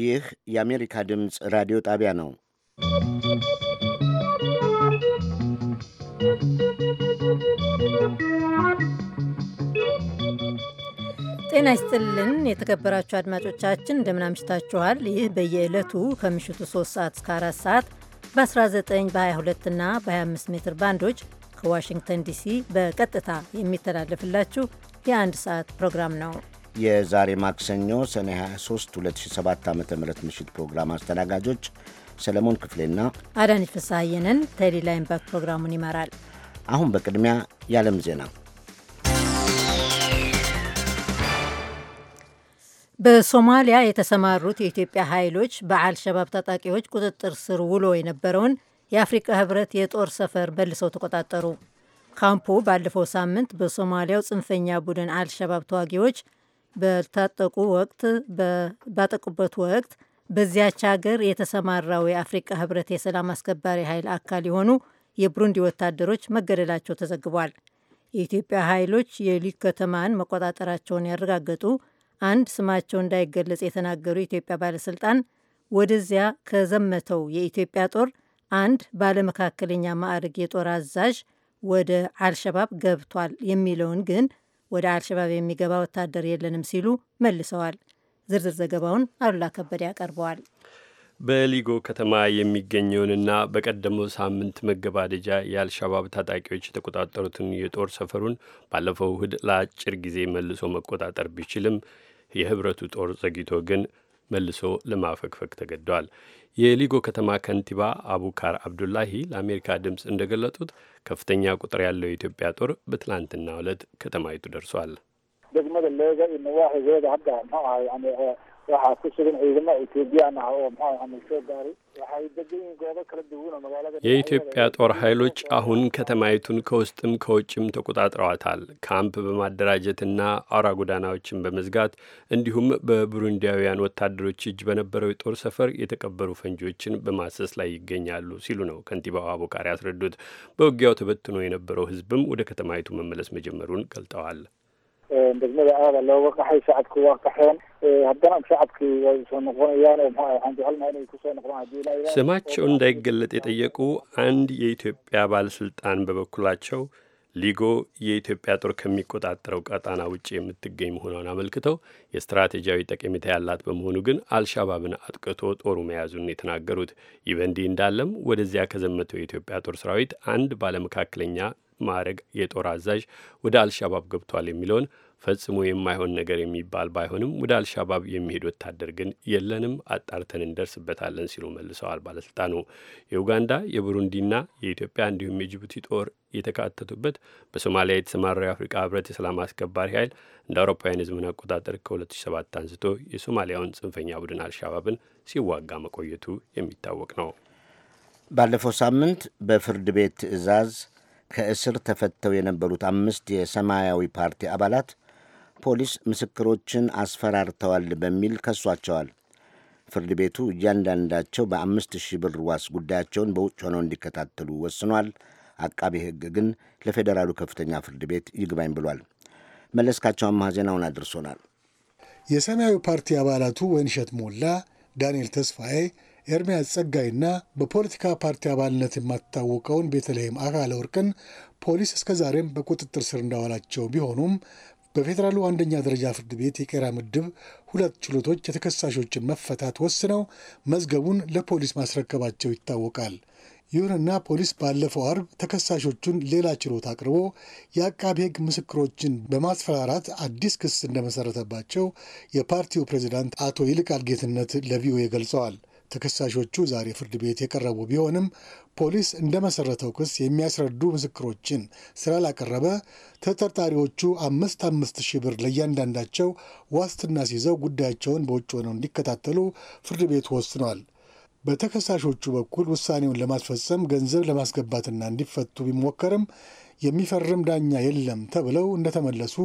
ይህ የአሜሪካ ድምፅ ራዲዮ ጣቢያ ነው። ጤና ይስጥልን የተከበራችሁ አድማጮቻችን እንደምን አምሽታችኋል። ይህ በየዕለቱ ከምሽቱ 3 ሰዓት እስከ 4 ሰዓት በ19 በ22 እና በ25 ሜትር ባንዶች ከዋሽንግተን ዲሲ በቀጥታ የሚተላለፍላችሁ የአንድ ሰዓት ፕሮግራም ነው። የዛሬ ማክሰኞ ሰኔ 23 2007 ዓ ም ምሽት ፕሮግራም አስተናጋጆች ሰለሞን ክፍሌና አዳነች ፍስሐየንን። ቴዲ ላይምባክ ፕሮግራሙን ይመራል። አሁን በቅድሚያ የዓለም ዜና በሶማሊያ የተሰማሩት የኢትዮጵያ ኃይሎች በአልሸባብ ታጣቂዎች ቁጥጥር ስር ውሎ የነበረውን የአፍሪካ ህብረት የጦር ሰፈር መልሰው ተቆጣጠሩ። ካምፑ ባለፈው ሳምንት በሶማሊያው ጽንፈኛ ቡድን አልሸባብ ተዋጊዎች በታጠቁ ወቅት ባጠቁበት ወቅት በዚያች ሀገር የተሰማራው የአፍሪቃ ህብረት የሰላም አስከባሪ ኃይል አካል የሆኑ የብሩንዲ ወታደሮች መገደላቸው ተዘግቧል። የኢትዮጵያ ኃይሎች የሊግ ከተማን መቆጣጠራቸውን ያረጋገጡ አንድ ስማቸው እንዳይገለጽ የተናገሩ የኢትዮጵያ ባለስልጣን ወደዚያ ከዘመተው የኢትዮጵያ ጦር አንድ ባለመካከለኛ ማዕረግ የጦር አዛዥ ወደ አልሸባብ ገብቷል የሚለውን ግን ወደ አልሸባብ የሚገባ ወታደር የለንም ሲሉ መልሰዋል። ዝርዝር ዘገባውን አሉላ ከበደ ያቀርበዋል። በሊጎ ከተማ የሚገኘውንና በቀደመው ሳምንት መገባደጃ የአልሸባብ ታጣቂዎች የተቆጣጠሩትን የጦር ሰፈሩን ባለፈው እሁድ ለአጭር ጊዜ መልሶ መቆጣጠር ቢችልም የህብረቱ ጦር ዘግይቶ ግን መልሶ ለማፈግፈግ ተገደዋል። የሊጎ ከተማ ከንቲባ አቡካር አብዱላሂ ለአሜሪካ ድምፅ እንደገለጡት ከፍተኛ ቁጥር ያለው የኢትዮጵያ ጦር በትላንትና ዕለት ከተማይቱ ደርሷል። waxaa ku sugan ciidamo ethoobiyan ah oo muxuu xamul soo gaaray waxay degan goobo kala duwan oo magaalada የኢትዮጵያ ጦር ኃይሎች አሁን ከተማይቱን ከውስጥም ከውጭም ተቆጣጥረዋታል። ካምፕ በማደራጀትና አውራ ጎዳናዎችን በመዝጋት እንዲሁም በቡሩንዲያውያን ወታደሮች እጅ በነበረው የጦር ሰፈር የተቀበሩ ፈንጂዎችን በማሰስ ላይ ይገኛሉ ሲሉ ነው ከንቲባው አቦቃሪ ያስረዱት። በውጊያው ተበትኖ የነበረው ሕዝብም ወደ ከተማይቱ መመለስ መጀመሩን ገልጠዋል። degmada aada looga qaxay shacabku waa qaxeen haddana shacabkii way soo noqonayaan oo waxaan jecelnaha inay kusoo noqdaan hadii ስማቸው እንዳይገለጥ የጠየቁ አንድ የኢትዮጵያ ባለስልጣን በበኩላቸው ሊጎ የኢትዮጵያ ጦር ከሚቆጣጠረው ቀጣና ውጭ የምትገኝ መሆኗን አመልክተው የስትራቴጂያዊ ጠቀሜታ ያላት በመሆኑ ግን አልሻባብን አጥቅቶ ጦሩ መያዙን የተናገሩት። ይህ በእንዲህ እንዳለም ወደዚያ ከዘመተው የኢትዮጵያ ጦር ሰራዊት አንድ ባለመካከለኛ ማዕረግ የጦር አዛዥ ወደ አልሻባብ ገብቷል የሚለውን ፈጽሞ የማይሆን ነገር የሚባል ባይሆንም ወደ አልሻባብ የሚሄድ ወታደር ግን የለንም፣ አጣርተን እንደርስበታለን ሲሉ መልሰዋል ባለስልጣኑ። የኡጋንዳ የቡሩንዲና የኢትዮጵያ እንዲሁም የጅቡቲ ጦር የተካተቱበት በሶማሊያ የተሰማራው የአፍሪካ ህብረት የሰላም አስከባሪ ኃይል እንደ አውሮፓውያን የዘመን አቆጣጠር ከ2007 አንስቶ የሶማሊያውን ጽንፈኛ ቡድን አልሻባብን ሲዋጋ መቆየቱ የሚታወቅ ነው። ባለፈው ሳምንት በፍርድ ቤት ትዕዛዝ ከእስር ተፈተው የነበሩት አምስት የሰማያዊ ፓርቲ አባላት ፖሊስ ምስክሮችን አስፈራርተዋል በሚል ከሷቸዋል። ፍርድ ቤቱ እያንዳንዳቸው በአምስት ሺህ ብር ዋስ ጉዳያቸውን በውጭ ሆነው እንዲከታተሉ ወስኗል። አቃቢ ሕግ ግን ለፌዴራሉ ከፍተኛ ፍርድ ቤት ይግባኝ ብሏል። መለስካቸው አማሃ ዜናውን አድርሶናል። የሰማያዊ ፓርቲ አባላቱ ወይንሸት ሞላ፣ ዳንኤል ተስፋዬ ኤርሚያስ ጸጋይና በፖለቲካ ፓርቲ አባልነት የማትታወቀውን ቤተልሔም አካለ ወርቅን ፖሊስ እስከ ዛሬም በቁጥጥር ስር እንዳዋላቸው ቢሆኑም በፌዴራሉ አንደኛ ደረጃ ፍርድ ቤት የቄራ ምድብ ሁለት ችሎቶች የተከሳሾችን መፈታት ወስነው መዝገቡን ለፖሊስ ማስረከባቸው ይታወቃል። ይሁንና ፖሊስ ባለፈው አርብ ተከሳሾቹን ሌላ ችሎት አቅርቦ የአቃቢ ሕግ ምስክሮችን በማስፈራራት አዲስ ክስ እንደመሰረተባቸው የፓርቲው ፕሬዚዳንት አቶ ይልቃል ጌትነት ለቪኦኤ ገልጸዋል። ተከሳሾቹ ዛሬ ፍርድ ቤት የቀረቡ ቢሆንም ፖሊስ እንደመሰረተው ክስ የሚያስረዱ ምስክሮችን ስላላቀረበ ተጠርጣሪዎቹ አምስት አምስት ሺህ ብር ለእያንዳንዳቸው ዋስትና ሲይዘው ጉዳያቸውን በውጭ ሆነው እንዲከታተሉ ፍርድ ቤቱ ወስኗል። በተከሳሾቹ በኩል ውሳኔውን ለማስፈጸም ገንዘብ ለማስገባትና እንዲፈቱ ቢሞከርም የሚፈርም ዳኛ የለም ተብለው እንደተመለሱ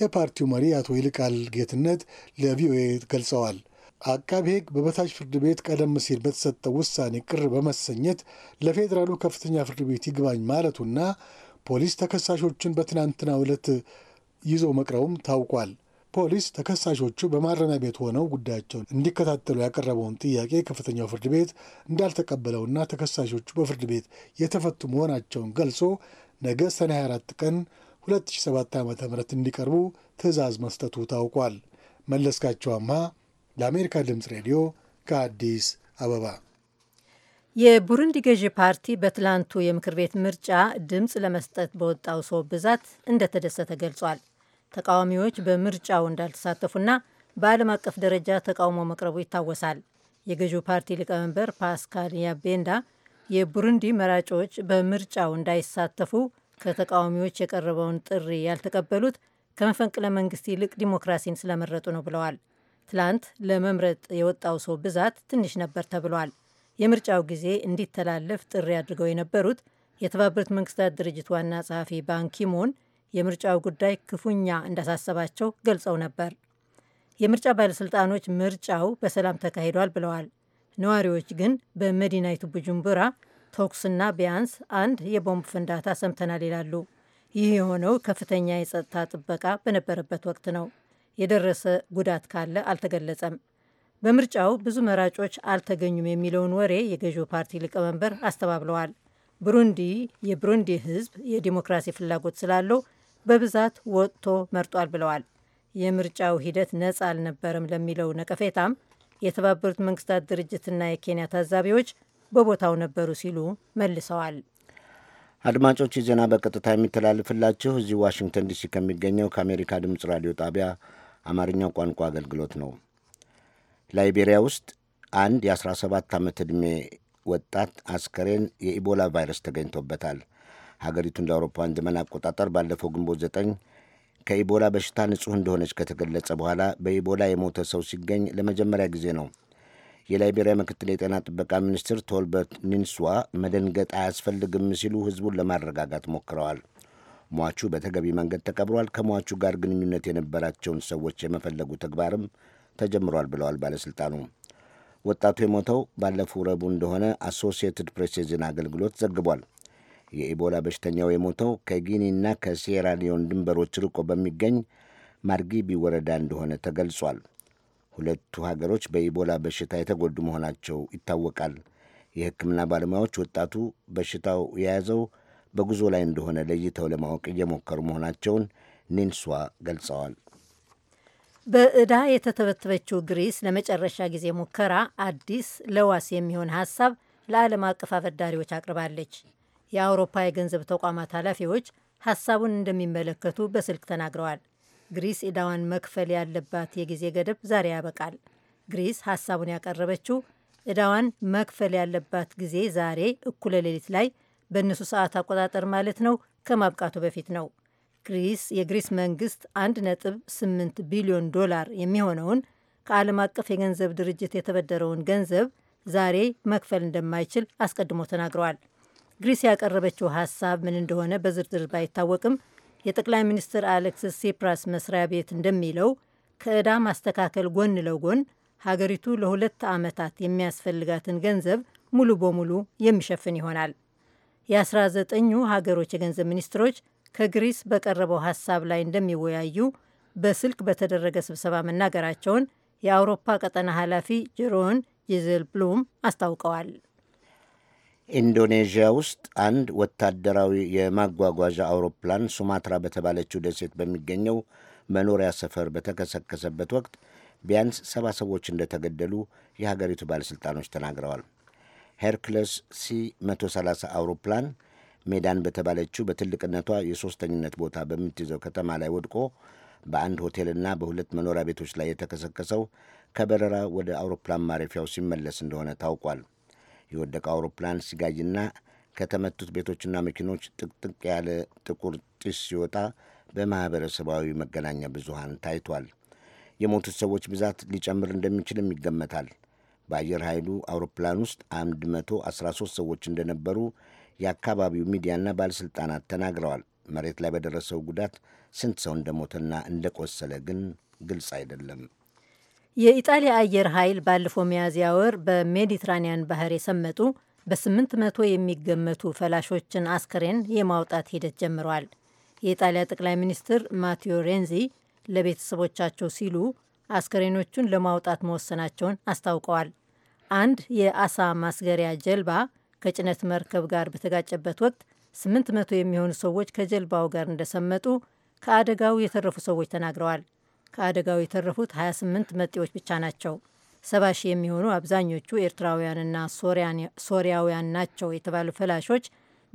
የፓርቲው መሪ አቶ ይልቃል ጌትነት ለቪኦኤ ገልጸዋል። አቃቤ ሕግ በበታች ፍርድ ቤት ቀደም ሲል በተሰጠው ውሳኔ ቅር በመሰኘት ለፌዴራሉ ከፍተኛ ፍርድ ቤት ይግባኝ ማለቱና ፖሊስ ተከሳሾቹን በትናንትና ዕለት ይዞ መቅረቡም ታውቋል። ፖሊስ ተከሳሾቹ በማረሚያ ቤት ሆነው ጉዳያቸውን እንዲከታተሉ ያቀረበውን ጥያቄ ከፍተኛው ፍርድ ቤት እንዳልተቀበለውና ተከሳሾቹ በፍርድ ቤት የተፈቱ መሆናቸውን ገልጾ ነገ ሰኔ 24 ቀን 2007 ም እንዲቀርቡ ትዕዛዝ መስጠቱ ታውቋል። መለስካቸው አምሃ ለአሜሪካ ድምፅ ሬዲዮ ከአዲስ አበባ። የቡሩንዲ ገዢ ፓርቲ በትላንቱ የምክር ቤት ምርጫ ድምፅ ለመስጠት በወጣው ሰው ብዛት እንደተደሰተ ገልጿል። ተቃዋሚዎች በምርጫው እንዳልተሳተፉና በዓለም አቀፍ ደረጃ ተቃውሞ መቅረቡ ይታወሳል። የገዢው ፓርቲ ሊቀመንበር ፓስካል ያቤንዳ የቡሩንዲ መራጮች በምርጫው እንዳይሳተፉ ከተቃዋሚዎች የቀረበውን ጥሪ ያልተቀበሉት ከመፈንቅለ መንግስት ይልቅ ዲሞክራሲን ስለመረጡ ነው ብለዋል። ትላንት ለመምረጥ የወጣው ሰው ብዛት ትንሽ ነበር ተብሏል። የምርጫው ጊዜ እንዲተላለፍ ጥሪ አድርገው የነበሩት የተባበሩት መንግስታት ድርጅት ዋና ጸሐፊ ባንኪሞን የምርጫው ጉዳይ ክፉኛ እንዳሳሰባቸው ገልጸው ነበር። የምርጫ ባለሥልጣኖች ምርጫው በሰላም ተካሂዷል ብለዋል። ነዋሪዎች ግን በመዲናይቱ ቡጁምቡራ ተኩስና ቢያንስ አንድ የቦምብ ፍንዳታ ሰምተናል ይላሉ። ይህ የሆነው ከፍተኛ የጸጥታ ጥበቃ በነበረበት ወቅት ነው። የደረሰ ጉዳት ካለ አልተገለጸም። በምርጫው ብዙ መራጮች አልተገኙም የሚለውን ወሬ የገዢው ፓርቲ ሊቀመንበር አስተባብለዋል። ብሩንዲ የብሩንዲ ሕዝብ የዲሞክራሲ ፍላጎት ስላለው በብዛት ወጥቶ መርጧል ብለዋል። የምርጫው ሂደት ነጻ አልነበረም ለሚለው ነቀፌታም የተባበሩት መንግስታት ድርጅትና የኬንያ ታዛቢዎች በቦታው ነበሩ ሲሉ መልሰዋል። አድማጮች፣ ዜና በቀጥታ የሚተላልፍላችሁ እዚህ ዋሽንግተን ዲሲ ከሚገኘው ከአሜሪካ ድምፅ ራዲዮ ጣቢያ አማርኛ ቋንቋ አገልግሎት ነው። ላይቤሪያ ውስጥ አንድ የ17 ዓመት ዕድሜ ወጣት አስከሬን የኢቦላ ቫይረስ ተገኝቶበታል። ሀገሪቱ እንደ አውሮፓውያን ዘመን አቆጣጠር ባለፈው ግንቦት ዘጠኝ ከኢቦላ በሽታ ንጹሕ እንደሆነች ከተገለጸ በኋላ በኢቦላ የሞተ ሰው ሲገኝ ለመጀመሪያ ጊዜ ነው። የላይቤሪያ ምክትል የጤና ጥበቃ ሚኒስትር ቶልበርት ኒንስዋ መደንገጥ አያስፈልግም ሲሉ ሕዝቡን ለማረጋጋት ሞክረዋል። ሟቹ በተገቢ መንገድ ተቀብሯል። ከሟቹ ጋር ግንኙነት የነበራቸውን ሰዎች የመፈለጉ ተግባርም ተጀምሯል ብለዋል ባለሥልጣኑ። ወጣቱ የሞተው ባለፈው ረቡዕ እንደሆነ አሶሲየትድ ፕሬስ የዜና አገልግሎት ዘግቧል። የኢቦላ በሽተኛው የሞተው ከጊኒና ከሴራ ሊዮን ድንበሮች ርቆ በሚገኝ ማርጊቢ ወረዳ እንደሆነ ተገልጿል። ሁለቱ ሀገሮች በኢቦላ በሽታ የተጎዱ መሆናቸው ይታወቃል። የሕክምና ባለሙያዎች ወጣቱ በሽታው የያዘው በጉዞ ላይ እንደሆነ ለይተው ለማወቅ እየሞከሩ መሆናቸውን ኒንሷ ገልጸዋል። በዕዳ የተተበተበችው ግሪስ ለመጨረሻ ጊዜ ሙከራ አዲስ ለዋስ የሚሆን ሀሳብ ለዓለም አቀፍ አበዳሪዎች አቅርባለች። የአውሮፓ የገንዘብ ተቋማት ኃላፊዎች ሀሳቡን እንደሚመለከቱ በስልክ ተናግረዋል። ግሪስ ዕዳዋን መክፈል ያለባት የጊዜ ገደብ ዛሬ ያበቃል። ግሪስ ሀሳቡን ያቀረበችው ዕዳዋን መክፈል ያለባት ጊዜ ዛሬ እኩለ ሌሊት ላይ በእነሱ ሰዓት አቆጣጠር ማለት ነው፣ ከማብቃቱ በፊት ነው። ግሪስ የግሪስ መንግስት 1.8 ቢሊዮን ዶላር የሚሆነውን ከዓለም አቀፍ የገንዘብ ድርጅት የተበደረውን ገንዘብ ዛሬ መክፈል እንደማይችል አስቀድሞ ተናግረዋል። ግሪስ ያቀረበችው ሀሳብ ምን እንደሆነ በዝርዝር ባይታወቅም የጠቅላይ ሚኒስትር አሌክሲስ ሲፕራስ መስሪያ ቤት እንደሚለው ከዕዳ ማስተካከል ጎን ለጎን ሀገሪቱ ለሁለት ዓመታት የሚያስፈልጋትን ገንዘብ ሙሉ በሙሉ የሚሸፍን ይሆናል። የ19ኙ ሀገሮች የገንዘብ ሚኒስትሮች ከግሪስ በቀረበው ሀሳብ ላይ እንደሚወያዩ በስልክ በተደረገ ስብሰባ መናገራቸውን የአውሮፓ ቀጠና ኃላፊ ጀሮን ጂዘል ብሉም አስታውቀዋል። ኢንዶኔዥያ ውስጥ አንድ ወታደራዊ የማጓጓዣ አውሮፕላን ሱማትራ በተባለችው ደሴት በሚገኘው መኖሪያ ሰፈር በተከሰከሰበት ወቅት ቢያንስ ሰባ ሰዎች እንደተገደሉ የሀገሪቱ ባለሥልጣኖች ተናግረዋል። ሄርክለስ ሲ 130 አውሮፕላን ሜዳን በተባለችው በትልቅነቷ የሦስተኝነት ቦታ በምትይዘው ከተማ ላይ ወድቆ በአንድ ሆቴልና በሁለት መኖሪያ ቤቶች ላይ የተከሰከሰው ከበረራ ወደ አውሮፕላን ማረፊያው ሲመለስ እንደሆነ ታውቋል። የወደቀው አውሮፕላን ሲጋይና ከተመቱት ቤቶችና መኪኖች ጥቅጥቅ ያለ ጥቁር ጢስ ሲወጣ በማኅበረሰባዊ መገናኛ ብዙሃን ታይቷል። የሞቱት ሰዎች ብዛት ሊጨምር እንደሚችልም ይገመታል። በአየር ኃይሉ አውሮፕላን ውስጥ 113 ሰዎች እንደነበሩ የአካባቢው ሚዲያና ባለሥልጣናት ተናግረዋል። መሬት ላይ በደረሰው ጉዳት ስንት ሰው እንደሞተና እንደቆሰለ ግን ግልጽ አይደለም። የኢጣሊያ አየር ኃይል ባለፈው ሚያዝያ ወር በሜዲትራኒያን ባህር የሰመጡ በስምንት መቶ የሚገመቱ ፈላሾችን አስከሬን የማውጣት ሂደት ጀምረዋል። የኢጣሊያ ጠቅላይ ሚኒስትር ማቴዮ ሬንዚ ለቤተሰቦቻቸው ሲሉ አስከሬኖቹን ለማውጣት መወሰናቸውን አስታውቀዋል። አንድ የአሳ ማስገሪያ ጀልባ ከጭነት መርከብ ጋር በተጋጨበት ወቅት 800 የሚሆኑ ሰዎች ከጀልባው ጋር እንደሰመጡ ከአደጋው የተረፉ ሰዎች ተናግረዋል። ከአደጋው የተረፉት 28 መጤዎች ብቻ ናቸው። ሰ7 ሺህ የሚሆኑ አብዛኞቹ ኤርትራውያንና ሶሪያውያን ናቸው የተባሉ ፈላሾች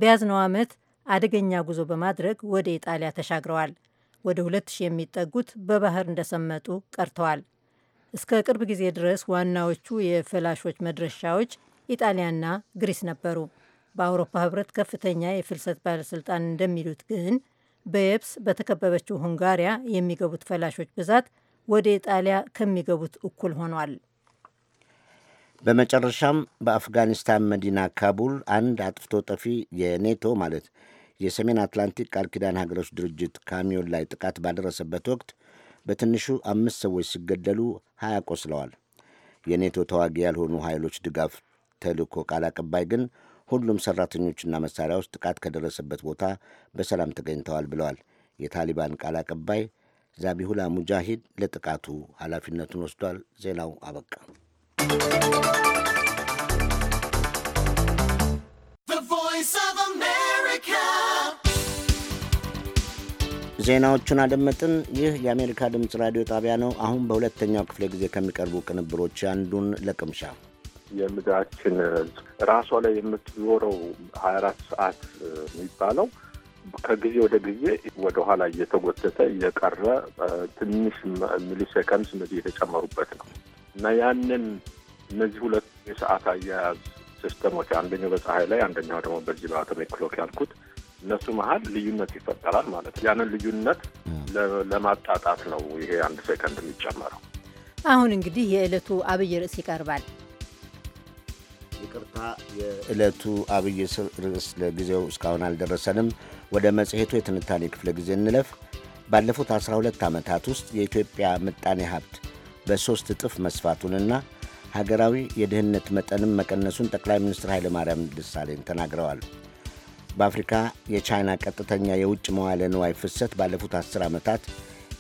በያዝነው ዓመት አደገኛ ጉዞ በማድረግ ወደ ኢጣሊያ ተሻግረዋል። ወደ 2000 የሚጠጉት በባህር እንደሰመጡ ቀርተዋል። እስከ ቅርብ ጊዜ ድረስ ዋናዎቹ የፈላሾች መድረሻዎች ኢጣሊያና ግሪስ ነበሩ። በአውሮፓ ህብረት ከፍተኛ የፍልሰት ባለስልጣን እንደሚሉት ግን በየብስ በተከበበችው ሁንጋሪያ የሚገቡት ፈላሾች ብዛት ወደ ኢጣሊያ ከሚገቡት እኩል ሆኗል። በመጨረሻም በአፍጋኒስታን መዲና ካቡል አንድ አጥፍቶ ጠፊ የኔቶ ማለት የሰሜን አትላንቲክ ቃል ኪዳን ሀገሮች ድርጅት ካሚዮን ላይ ጥቃት ባደረሰበት ወቅት በትንሹ አምስት ሰዎች ሲገደሉ ሀያ ቆስለዋል። የኔቶ ተዋጊ ያልሆኑ ኃይሎች ድጋፍ ተልእኮ ቃል አቀባይ ግን ሁሉም ሠራተኞችና መሣሪያዎች ጥቃት ከደረሰበት ቦታ በሰላም ተገኝተዋል ብለዋል። የታሊባን ቃል አቀባይ ዛቢሁላ ሙጃሂድ ለጥቃቱ ኃላፊነቱን ወስዷል። ዜናው አበቃ። ዜናዎቹን አደመጥን። ይህ የአሜሪካ ድምፅ ራዲዮ ጣቢያ ነው። አሁን በሁለተኛው ክፍለ ጊዜ ከሚቀርቡ ቅንብሮች አንዱን ለቅምሻ የምድራችን ራሷ ላይ የምትኖረው ሀያ አራት ሰዓት የሚባለው ከጊዜ ወደ ጊዜ ወደኋላ እየተጎተተ እየቀረ ትንሽ ሚሊ እነዚህ የተጨመሩበት ነው እና ያንን እነዚህ ሁለት የሰዓት አያያዝ ሲስተሞች አንደኛው በፀሐይ ላይ አንደኛው ደግሞ በዚህ በአቶሚክ ክሎክ ያልኩት እነሱ መሀል ልዩነት ይፈጠራል ማለት ነው። ያንን ልዩነት ለማጣጣት ነው ይሄ አንድ ሴከንድ የሚጨመረው። አሁን እንግዲህ የዕለቱ አብይ ርዕስ ይቀርባል። ይቅርታ፣ የዕለቱ አብይ ርዕስ ለጊዜው እስካሁን አልደረሰንም። ወደ መጽሔቱ የትንታኔ ክፍለ ጊዜ እንለፍ። ባለፉት 12 ዓመታት ውስጥ የኢትዮጵያ ምጣኔ ሀብት በሦስት እጥፍ መስፋቱንና ሀገራዊ የድህነት መጠንም መቀነሱን ጠቅላይ ሚኒስትር ኃይለማርያም ደሳለኝ ተናግረዋል። በአፍሪካ የቻይና ቀጥተኛ የውጭ መዋለ ንዋይ ፍሰት ባለፉት አስር ዓመታት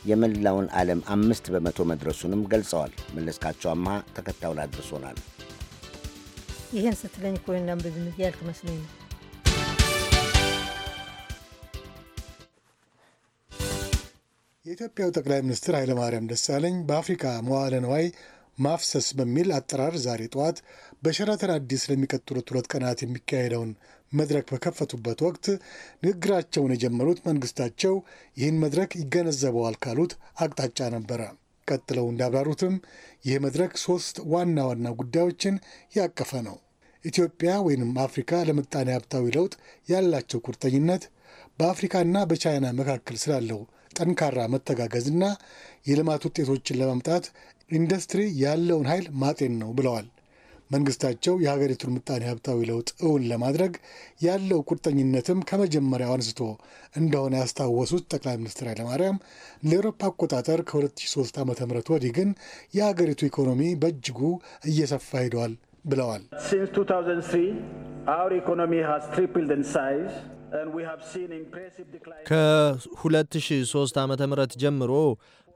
የመላውን ዓለም አምስት በመቶ መድረሱንም ገልጸዋል። መለስካቸው ተከታዩን አድርሶናል። ይህን ስትለኝ ኮይና ብዙም መስለኝ ነው። የኢትዮጵያው ጠቅላይ ሚኒስትር ኃይለማርያም ደሳለኝ በአፍሪካ መዋለ ንዋይ ማፍሰስ በሚል አጠራር ዛሬ ጠዋት በሸራተን አዲስ ለሚቀጥሉት ሁለት ቀናት የሚካሄደውን መድረክ በከፈቱበት ወቅት ንግግራቸውን የጀመሩት መንግስታቸው ይህን መድረክ ይገነዘበዋል ካሉት አቅጣጫ ነበረ። ቀጥለው እንዳብራሩትም ይህ መድረክ ሶስት ዋና ዋና ጉዳዮችን ያቀፈ ነው። ኢትዮጵያ ወይንም አፍሪካ ለምጣኔ ሀብታዊ ለውጥ ያላቸው ቁርጠኝነት፣ በአፍሪካና በቻይና መካከል ስላለው ጠንካራ መተጋገዝና የልማት ውጤቶችን ለማምጣት ኢንዱስትሪ ያለውን ኃይል ማጤን ነው ብለዋል መንግስታቸው የሀገሪቱን ምጣኔ ሀብታዊ ለውጥ እውን ለማድረግ ያለው ቁርጠኝነትም ከመጀመሪያው አንስቶ እንደሆነ ያስታወሱት ጠቅላይ ሚኒስትር ኃይለማርያም ለአውሮፓ አቆጣጠር ከ2003 ዓ ም ወዲህ ግን የሀገሪቱ ኢኮኖሚ በእጅጉ እየሰፋ ሄደዋል ብለዋል። ከ2003 ዓ ም ጀምሮ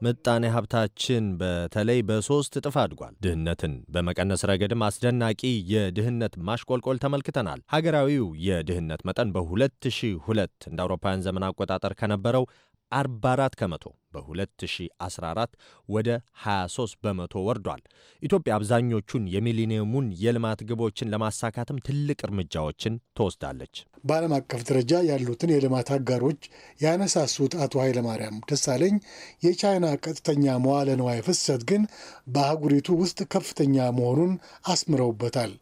ምጣኔ ሀብታችን በተለይ በሦስት እጥፍ አድጓል። ድህነትን በመቀነስ ረገድም አስደናቂ የድህነት ማሽቆልቆል ተመልክተናል። ሀገራዊው የድህነት መጠን በ2002 እንደ አውሮፓውያን ዘመን አቆጣጠር ከነበረው 44 ከመቶ በ2014 ወደ 23 በመቶ ወርዷል። ኢትዮጵያ አብዛኞቹን የሚሊኒየሙን የልማት ግቦችን ለማሳካትም ትልቅ እርምጃዎችን ትወስዳለች። በዓለም አቀፍ ደረጃ ያሉትን የልማት አጋሮች ያነሳሱት አቶ ኃይለማርያም ደሳለኝ የቻይና ቀጥተኛ መዋለ ንዋይ ፍሰት ግን በአህጉሪቱ ውስጥ ከፍተኛ መሆኑን አስምረውበታል።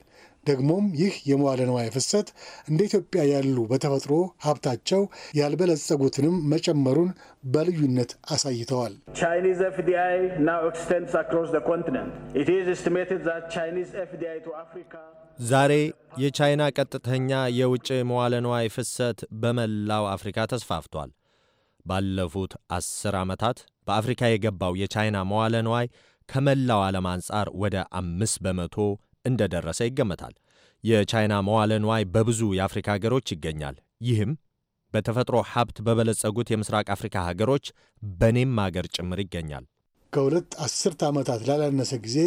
ደግሞም ይህ የመዋለ ንዋይ ፍሰት እንደ ኢትዮጵያ ያሉ በተፈጥሮ ሀብታቸው ያልበለጸጉትንም መጨመሩን በልዩነት አሳይተዋል። ዛሬ የቻይና ቀጥተኛ የውጭ መዋለ ንዋይ ፍሰት በመላው አፍሪካ ተስፋፍቷል። ባለፉት አስር ዓመታት በአፍሪካ የገባው የቻይና መዋለ ንዋይ ከመላው ዓለም አንጻር ወደ አምስት በመቶ እንደደረሰ ይገመታል። የቻይና መዋለ ንዋይ በብዙ የአፍሪካ ሀገሮች ይገኛል። ይህም በተፈጥሮ ሀብት በበለጸጉት የምስራቅ አፍሪካ ሀገሮች በኔም ሀገር ጭምር ይገኛል። ከሁለት አስርተ ዓመታት ላላነሰ ጊዜ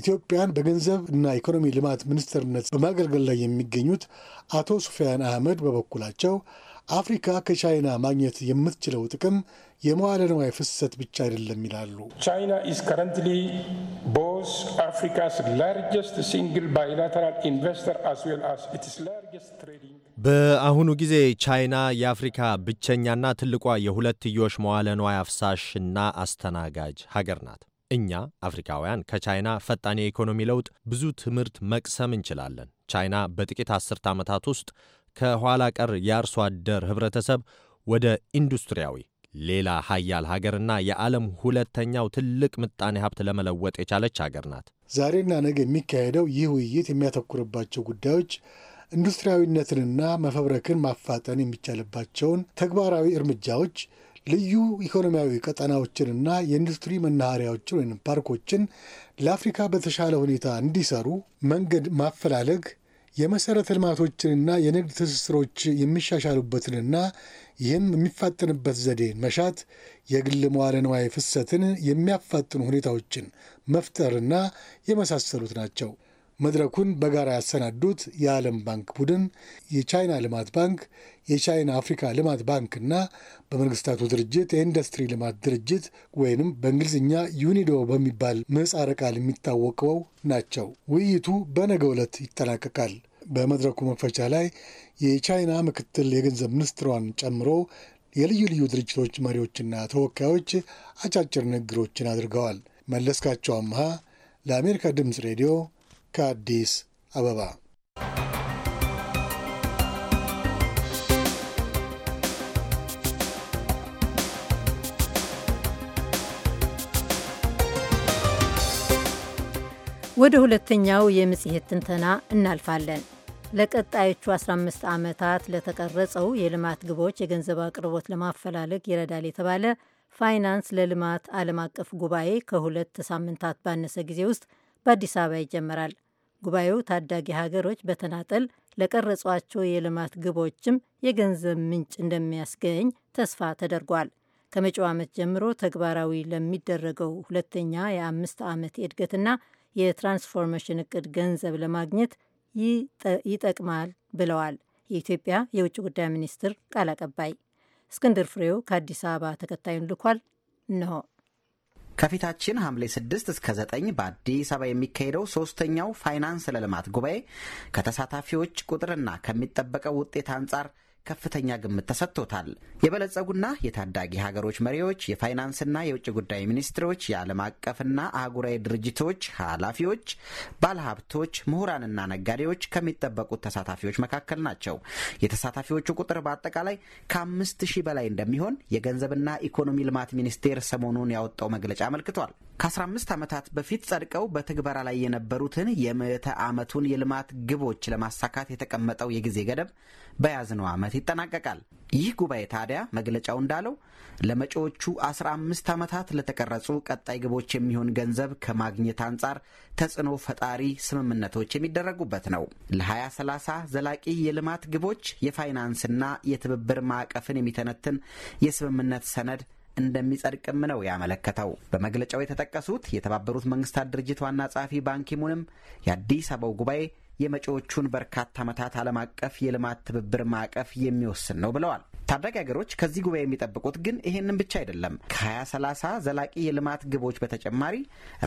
ኢትዮጵያን በገንዘብ እና ኢኮኖሚ ልማት ሚኒስትርነት በማገልገል ላይ የሚገኙት አቶ ሱፊያን አህመድ በበኩላቸው አፍሪካ ከቻይና ማግኘት የምትችለው ጥቅም የመዋለ ንዋይ ፍሰት ብቻ አይደለም ይላሉ። ቻይና ኢዝ ከረንትሊ ቦዝ አፍሪካስ ላርጀስት ሲንግል ባይላተራል ኢንቨስተር አስ ዌል አስ ኢትስ ላርጀስት ትሬዲንግ። በአሁኑ ጊዜ ቻይና የአፍሪካ ብቸኛና ትልቋ የሁለትዮሽ መዋለ ንዋይ አፍሳሽና አስተናጋጅ ሀገር ናት። እኛ አፍሪካውያን ከቻይና ፈጣን የኢኮኖሚ ለውጥ ብዙ ትምህርት መቅሰም እንችላለን። ቻይና በጥቂት አስርት ዓመታት ውስጥ ከኋላ ቀር የአርሶ አደር ኅብረተሰብ ወደ ኢንዱስትሪያዊ ሌላ ሀያል ሀገርና የዓለም ሁለተኛው ትልቅ ምጣኔ ሀብት ለመለወጥ የቻለች ሀገር ናት። ዛሬና ነገ የሚካሄደው ይህ ውይይት የሚያተኩርባቸው ጉዳዮች ኢንዱስትሪያዊነትንና መፈብረክን ማፋጠን የሚቻልባቸውን ተግባራዊ እርምጃዎች፣ ልዩ ኢኮኖሚያዊ ቀጠናዎችንና የኢንዱስትሪ መናኸሪያዎችን ወይም ፓርኮችን ለአፍሪካ በተሻለ ሁኔታ እንዲሰሩ መንገድ ማፈላለግ የመሰረተ ልማቶችንና የንግድ ትስስሮች የሚሻሻሉበትንና ይህም የሚፋጠንበት ዘዴን መሻት የግል መዋለ ንዋይ ፍሰትን የሚያፋጥኑ ሁኔታዎችን መፍጠርና የመሳሰሉት ናቸው። መድረኩን በጋራ ያሰናዱት የዓለም ባንክ ቡድን፣ የቻይና ልማት ባንክ፣ የቻይና አፍሪካ ልማት ባንክ እና በመንግስታቱ ድርጅት የኢንዱስትሪ ልማት ድርጅት ወይንም በእንግሊዝኛ ዩኒዶ በሚባል ምህጻረ ቃል የሚታወቀው ናቸው። ውይይቱ በነገ ዕለት ይጠናቀቃል። በመድረኩ መክፈቻ ላይ የቻይና ምክትል የገንዘብ ሚኒስትሯን ጨምሮ የልዩ ልዩ ድርጅቶች መሪዎችና ተወካዮች አጫጭር ንግግሮችን አድርገዋል። መለስካቸው አምሃ ለአሜሪካ ድምፅ ሬዲዮ ከአዲስ አበባ ወደ ሁለተኛው የመጽሔት ትንተና እናልፋለን። ለቀጣዮቹ 15 ዓመታት ለተቀረጸው የልማት ግቦች የገንዘብ አቅርቦት ለማፈላለግ ይረዳል የተባለ ፋይናንስ ለልማት ዓለም አቀፍ ጉባኤ ከሁለት ሳምንታት ባነሰ ጊዜ ውስጥ በአዲስ አበባ ይጀመራል። ጉባኤው ታዳጊ ሀገሮች በተናጠል ለቀረጿቸው የልማት ግቦችም የገንዘብ ምንጭ እንደሚያስገኝ ተስፋ ተደርጓል። ከመጪው ዓመት ጀምሮ ተግባራዊ ለሚደረገው ሁለተኛ የአምስት ዓመት የእድገትና የትራንስፎርሜሽን እቅድ ገንዘብ ለማግኘት ይጠቅማል ብለዋል የኢትዮጵያ የውጭ ጉዳይ ሚኒስትር ቃል አቀባይ። እስክንድር ፍሬው ከአዲስ አበባ ተከታዩን ልኳል። እንሆ ከፊታችን ሐምሌ 6 እስከ 9 በአዲስ አበባ የሚካሄደው ሶስተኛው ፋይናንስ ለልማት ጉባኤ ከተሳታፊዎች ቁጥርና ከሚጠበቀው ውጤት አንጻር ከፍተኛ ግምት ተሰጥቶታል። የበለጸጉና የታዳጊ ሀገሮች መሪዎች፣ የፋይናንስና የውጭ ጉዳይ ሚኒስትሮች፣ የዓለም አቀፍና አህጉራዊ ድርጅቶች ኃላፊዎች፣ ባለሀብቶች፣ ምሁራንና ነጋዴዎች ከሚጠበቁት ተሳታፊዎች መካከል ናቸው። የተሳታፊዎቹ ቁጥር በአጠቃላይ ከአምስት ሺህ በላይ እንደሚሆን የገንዘብና ኢኮኖሚ ልማት ሚኒስቴር ሰሞኑን ያወጣው መግለጫ አመልክቷል። ከ15 ዓመታት በፊት ጸድቀው በትግበራ ላይ የነበሩትን የምዕተ ዓመቱን የልማት ግቦች ለማሳካት የተቀመጠው የጊዜ ገደብ በያዝነው ዓመት ይጠናቀቃል። ይህ ጉባኤ ታዲያ መግለጫው እንዳለው ለመጪዎቹ 15 ዓመታት ለተቀረጹ ቀጣይ ግቦች የሚሆን ገንዘብ ከማግኘት አንጻር ተጽዕኖ ፈጣሪ ስምምነቶች የሚደረጉበት ነው። ለ2030 ዘላቂ የልማት ግቦች የፋይናንስና የትብብር ማዕቀፍን የሚተነትን የስምምነት ሰነድ እንደሚጸድቅም ነው ያመለከተው። በመግለጫው የተጠቀሱት የተባበሩት መንግስታት ድርጅት ዋና ጸሐፊ ባንኪሙንም የአዲስ አበባው ጉባኤ የመጪዎቹን በርካታ ዓመታት ዓለም አቀፍ የልማት ትብብር ማዕቀፍ የሚወስን ነው ብለዋል። ታዳጊ ሀገሮች ከዚህ ጉባኤ የሚጠብቁት ግን ይህንን ብቻ አይደለም። ከ2030 ዘላቂ የልማት ግቦች በተጨማሪ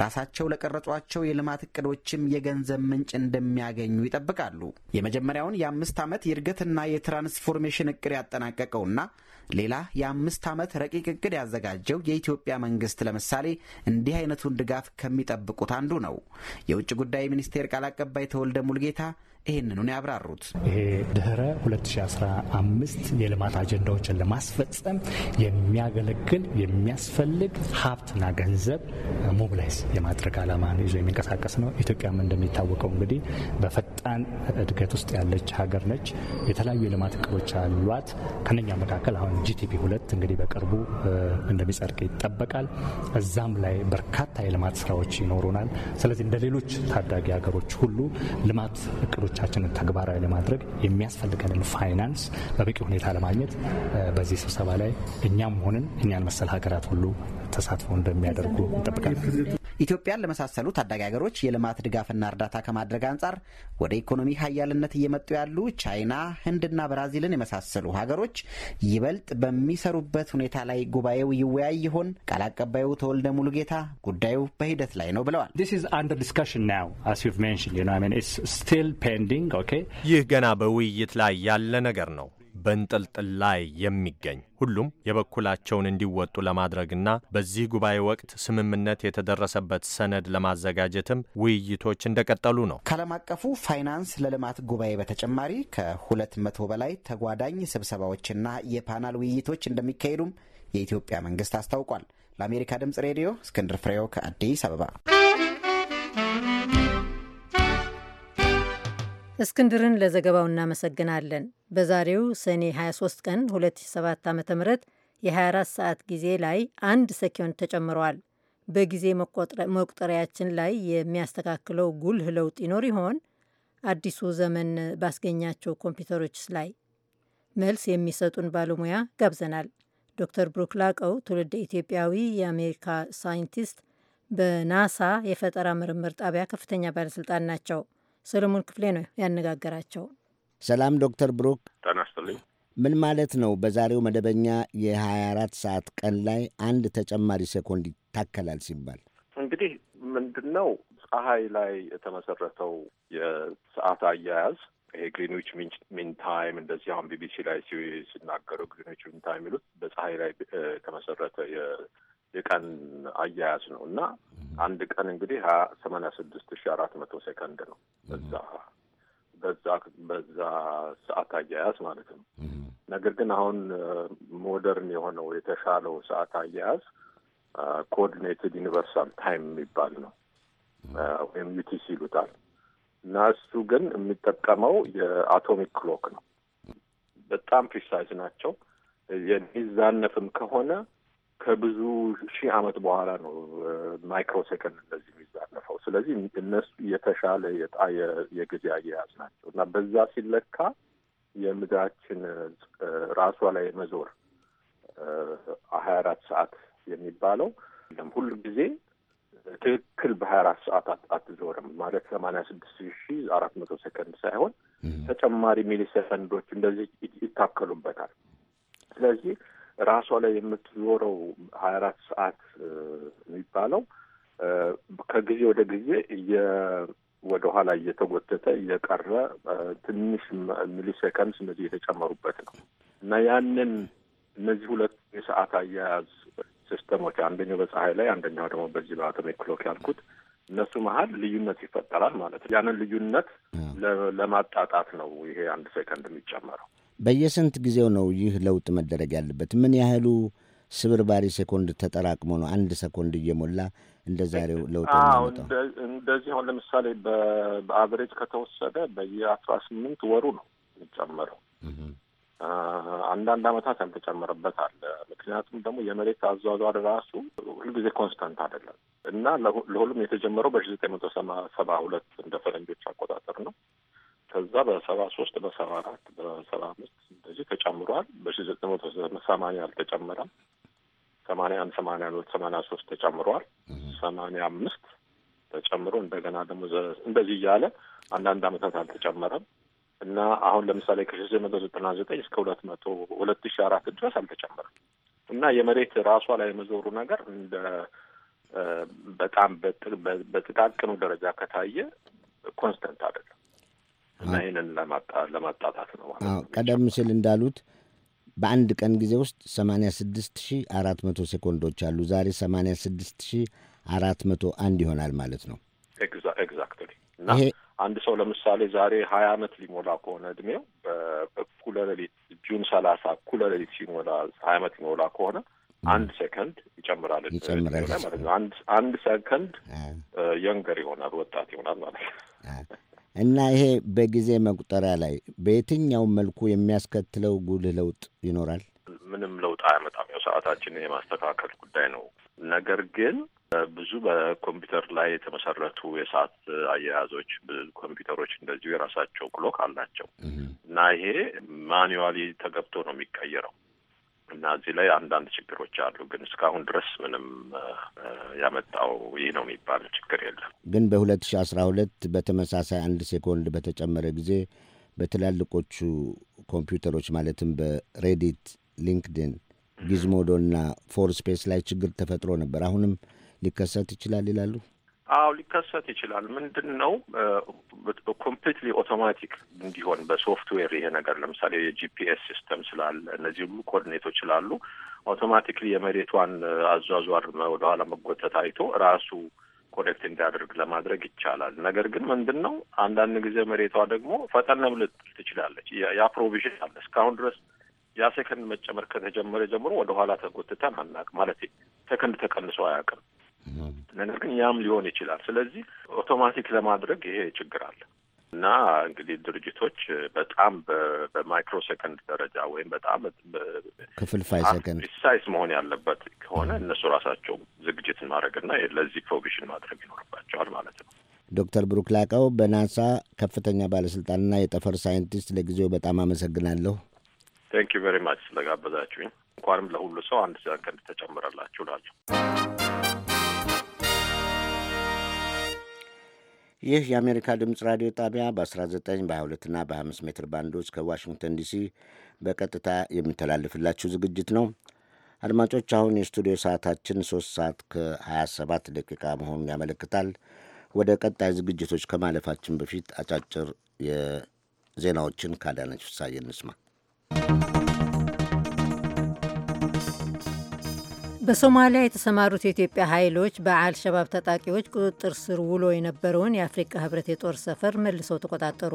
ራሳቸው ለቀረጿቸው የልማት እቅዶችም የገንዘብ ምንጭ እንደሚያገኙ ይጠብቃሉ። የመጀመሪያውን የአምስት ዓመት የእድገትና የትራንስፎርሜሽን እቅድ ያጠናቀቀውና ሌላ የአምስት ዓመት ረቂቅ እቅድ ያዘጋጀው የኢትዮጵያ መንግስት ለምሳሌ እንዲህ አይነቱን ድጋፍ ከሚጠብቁት አንዱ ነው። የውጭ ጉዳይ ሚኒስቴር ቃል አቀባይ ተወልደ ሙልጌታ ይህንኑን ያብራሩት። ይሄ ድህረ 2015 የልማት አጀንዳዎችን ለማስፈጸም የሚያገለግል የሚያስፈልግ ሀብትና ገንዘብ ሞብላይዝ የማድረግ አላማ ይዞ የሚንቀሳቀስ ነው። ኢትዮጵያም እንደሚታወቀው እንግዲህ በፈጣን እድገት ውስጥ ያለች ሀገር ነች። የተለያዩ የልማት እቅዶች አሏት። ከነኛ መካከል አሁን ጂቲፒ ሁለት እንግዲህ በቅርቡ እንደሚጸድቅ ይጠበቃል። እዛም ላይ በርካታ የልማት ስራዎች ይኖሩናል። ስለዚህ እንደ ሌሎች ታዳጊ ሀገሮች ሁሉ ልማት እቅዶች እቅዶቻችንን ተግባራዊ ለማድረግ የሚያስፈልገንን ፋይናንስ በበቂ ሁኔታ ለማግኘት በዚህ ስብሰባ ላይ እኛም ሆንን እኛን መሰል ሀገራት ሁሉ ተሳትፎ እንደሚያደርጉ እንጠብቃለን። ኢትዮጵያን ለመሳሰሉ ታዳጊ ሀገሮች የልማት ድጋፍና እርዳታ ከማድረግ አንጻር ወደ ኢኮኖሚ ሀያልነት እየመጡ ያሉ ቻይና፣ ህንድና ብራዚልን የመሳሰሉ ሀገሮች ይበልጥ በሚሰሩበት ሁኔታ ላይ ጉባኤው ይወያይ ይሆን? ቃል አቀባዩ ተወልደ ሙሉጌታ ጉዳዩ በሂደት ላይ ነው ብለዋል። ይህ ገና በውይይት ላይ ያለ ነገር ነው። በንጥልጥል ላይ የሚገኝ ሁሉም የበኩላቸውን እንዲወጡ ለማድረግና በዚህ ጉባኤ ወቅት ስምምነት የተደረሰበት ሰነድ ለማዘጋጀትም ውይይቶች እንደቀጠሉ ነው። ከዓለም አቀፉ ፋይናንስ ለልማት ጉባኤ በተጨማሪ ከሁለት መቶ በላይ ተጓዳኝ ስብሰባዎችና የፓናል ውይይቶች እንደሚካሄዱም የኢትዮጵያ መንግስት አስታውቋል። ለአሜሪካ ድምጽ ሬዲዮ እስክንድር ፍሬው ከአዲስ አበባ እስክንድርን ለዘገባው እናመሰግናለን። በዛሬው ሰኔ 23 ቀን 2007 ዓ ም የ24 ሰዓት ጊዜ ላይ አንድ ሰኪዮን ተጨምረዋል። በጊዜ መቁጠሪያችን ላይ የሚያስተካክለው ጉልህ ለውጥ ይኖር ይሆን? አዲሱ ዘመን ባስገኛቸው ኮምፒውተሮችስ ላይ መልስ የሚሰጡን ባለሙያ ጋብዘናል። ዶክተር ብሩክ ላቀው ትውልድ ኢትዮጵያዊ የአሜሪካ ሳይንቲስት በናሳ የፈጠራ ምርምር ጣቢያ ከፍተኛ ባለስልጣን ናቸው። ሰለሞን ክፍሌ ነው ያነጋገራቸው። ሰላም ዶክተር ብሩክ ጤና ምን ማለት ነው በዛሬው መደበኛ የ24 ሰዓት ቀን ላይ አንድ ተጨማሪ ሴኮንድ ይታከላል ሲባል እንግዲህ ምንድን ነው ፀሐይ ላይ የተመሰረተው የሰዓት አያያዝ ይሄ ግሪንዊች ሚን ታይም እንደዚህ አሁን ቢቢሲ ላይ ሲናገረው ግሪንዊች ሚን ታይም የሚሉት በፀሐይ ላይ የተመሰረተ የቀን አያያዝ ነው እና አንድ ቀን እንግዲህ ሀያ ሰማንያ ስድስት ሺ አራት መቶ ሴከንድ ነው በዛ በዛ በዛ ሰዓት አያያዝ ማለት ነው። ነገር ግን አሁን ሞደርን የሆነው የተሻለው ሰዓት አያያዝ ኮኦርዲኔትድ ዩኒቨርሳል ታይም የሚባል ነው ወይም ዩቲሲ ይሉታል እና እሱ ግን የሚጠቀመው የአቶሚክ ክሎክ ነው። በጣም ፕሪሳይዝ ናቸው። የሚዛነፍም ከሆነ ከብዙ ሺህ ዓመት በኋላ ነው ማይክሮ ሰከንድ እንደዚህ የሚዛለፈው። ስለዚህ እነሱ የተሻለ የጊዜ አያያዝ ናቸው እና በዛ ሲለካ የምድራችን ራሷ ላይ መዞር ሀያ አራት ሰዓት የሚባለው ሁሉ ጊዜ ትክክል በሀያ አራት ሰዓት አትዞርም ማለት ሰማንያ ስድስት ሺ አራት መቶ ሰከንድ ሳይሆን ተጨማሪ ሚሊ ሰከንዶች እንደዚህ ይታከሉበታል። ስለዚህ ራሷ ላይ የምትኖረው ሀያ አራት ሰዓት የሚባለው ከጊዜ ወደ ጊዜ ወደ ኋላ እየተጎተተ እየቀረ ትንሽ ሚሊ እነዚህ የተጨመሩበት ነው እና ያንን እነዚህ ሁለት የሰዓት አያያዝ ሲስተሞች አንደኛው በፀሐይ ላይ አንደኛው ደግሞ በዚህ በአቶሚክ ክሎክ ያልኩት እነሱ መሀል ልዩነት ይፈጠራል ማለት ነው። ያንን ልዩነት ለማጣጣት ነው ይሄ አንድ ሴከንድ የሚጨመረው። በየስንት ጊዜው ነው ይህ ለውጥ መደረግ ያለበት? ምን ያህሉ ስብርባሪ ሴኮንድ ተጠራቅሞ ነው አንድ ሴኮንድ እየሞላ እንደ ዛሬው ለውጥ እንደዚህ አሁን ለምሳሌ በአቨሬጅ ከተወሰደ በየአስራ ስምንት ወሩ ነው የሚጨምረው። አንዳንድ አመታት ያልተጨመረበት አለ። ምክንያቱም ደግሞ የመሬት አዟዟር ራሱ ሁልጊዜ ኮንስታንት አይደለም እና ለሁሉም የተጀመረው በሺ ዘጠኝ መቶ ሰባ ሁለት እንደ ፈረንጆች አቆጣጠር ነው ከዛ በሰባ ሶስት በሰባ አራት በሰባ አምስት እንደዚህ ተጨምሯል። በሺ ዘጠኝ መቶ ሰማንያ አልተጨመረም። ሰማንያ አንድ ሰማንያ ሁለት ሰማንያ ሶስት ተጨምሯል። ሰማንያ አምስት ተጨምሮ እንደገና ደግሞ እንደዚህ እያለ አንዳንድ አመታት አልተጨመረም እና አሁን ለምሳሌ ከሺ ዘጠኝ መቶ ዘጠና ዘጠኝ እስከ ሁለት መቶ ሁለት ሺ አራት ድረስ አልተጨመረም እና የመሬት ራሷ ላይ የመዞሩ ነገር እንደ በጣም በጥቃቅኑ ደረጃ ከታየ ኮንስተንት አይደለም። እና ይህንን ለማጣጣት ነው ማለት ነው። ቀደም ሲል እንዳሉት በአንድ ቀን ጊዜ ውስጥ ስድስት አራት መቶ ሴኮንዶች አሉ። ዛሬ ስድስት አራት መቶ አንድ ይሆናል ማለት ነው። ኤግዛክትሊ። እና አንድ ሰው ለምሳሌ ዛሬ ሀያ ዓመት ሊሞላ ከሆነ እድሜው በእኩለ ሌሊት ጁን ሰላሳ እኩለ ሌሊት ሲሞላ ሀያ ዓመት ሊሞላ ከሆነ አንድ ሴከንድ ይጨምራል ይጨምራል ማለት ነው። አንድ ሰከንድ የንገር ይሆናል ወጣት ይሆናል ማለት ነው። እና ይሄ በጊዜ መቁጠሪያ ላይ በየትኛው መልኩ የሚያስከትለው ጉልህ ለውጥ ይኖራል? ምንም ለውጥ አያመጣም። ያው ሰዓታችንን የማስተካከል ጉዳይ ነው። ነገር ግን ብዙ በኮምፒውተር ላይ የተመሰረቱ የሰዓት አያያዞች ኮምፒውተሮች እንደዚሁ የራሳቸው ክሎክ አላቸው እና ይሄ ማኑዋሊ ተገብቶ ነው የሚቀየረው እና እዚህ ላይ አንዳንድ ችግሮች አሉ። ግን እስካሁን ድረስ ምንም ያመጣው ይህ ነው የሚባል ችግር የለም። ግን በሁለት ሺ አስራ ሁለት በተመሳሳይ አንድ ሴኮንድ በተጨመረ ጊዜ በትላልቆቹ ኮምፒውተሮች ማለትም በሬዲት፣ ሊንክድን፣ ጊዝሞዶ እና ፎር ስፔስ ላይ ችግር ተፈጥሮ ነበር። አሁንም ሊከሰት ይችላል ይላሉ። አዎ ሊከሰት ይችላል። ምንድን ነው ኮምፕሊትሊ ኦቶማቲክ እንዲሆን በሶፍትዌር ይሄ ነገር ለምሳሌ የጂፒኤስ ሲስተም ስላለ እነዚህ ሁሉ ኮኦርዲኔቶች ስላሉ ኦቶማቲክሊ የመሬቷን አዟዟር ወደኋላ መጎተት አይቶ ራሱ ኮሌክት እንዲያደርግ ለማድረግ ይቻላል። ነገር ግን ምንድን ነው አንዳንድ ጊዜ መሬቷ ደግሞ ፈጠን ብልጥ ትችላለች። ያ ፕሮቪዥን አለ። እስካሁን ድረስ ያ ሴከንድ መጨመር ከተጀመረ ጀምሮ ወደኋላ ተጎትተን አናውቅም ማለት ሴከንድ ተቀንሶ አያውቅም። ነገር ግን ያም ሊሆን ይችላል። ስለዚህ ኦቶማቲክ ለማድረግ ይሄ ችግር አለ እና እንግዲህ ድርጅቶች በጣም በማይክሮ ሴከንድ ደረጃ ወይም በጣም ክፍልፋይ ሰከንድ ፕሪሳይስ መሆን ያለበት ከሆነ እነሱ ራሳቸው ዝግጅትን ማድረግና ለዚህ ፕሮቪዥን ማድረግ ይኖርባቸዋል ማለት ነው። ዶክተር ብሩክ ላቀው በናሳ ከፍተኛ ባለስልጣንና የጠፈር ሳይንቲስት፣ ለጊዜው በጣም አመሰግናለሁ። ቴንክ ዩ ቬሪ ማች ስለጋበዛችሁኝ። እንኳንም ለሁሉ ሰው አንድ ሰከንድ ተጨምረላችሁ ላለሁ ይህ የአሜሪካ ድምፅ ራዲዮ ጣቢያ በ19 በ22ና በ25 ሜትር ባንዶች ከዋሽንግተን ዲሲ በቀጥታ የሚተላልፍላችሁ ዝግጅት ነው። አድማጮች አሁን የስቱዲዮ ሰዓታችን 3 ሰዓት ከ27 ደቂቃ መሆኑን ያመለክታል። ወደ ቀጣይ ዝግጅቶች ከማለፋችን በፊት አጫጭር የዜናዎችን ካዳነች ፍሳዬ እንስማ። በሶማሊያ የተሰማሩት የኢትዮጵያ ኃይሎች በአልሸባብ ታጣቂዎች ቁጥጥር ስር ውሎ የነበረውን የአፍሪካ ህብረት የጦር ሰፈር መልሰው ተቆጣጠሩ።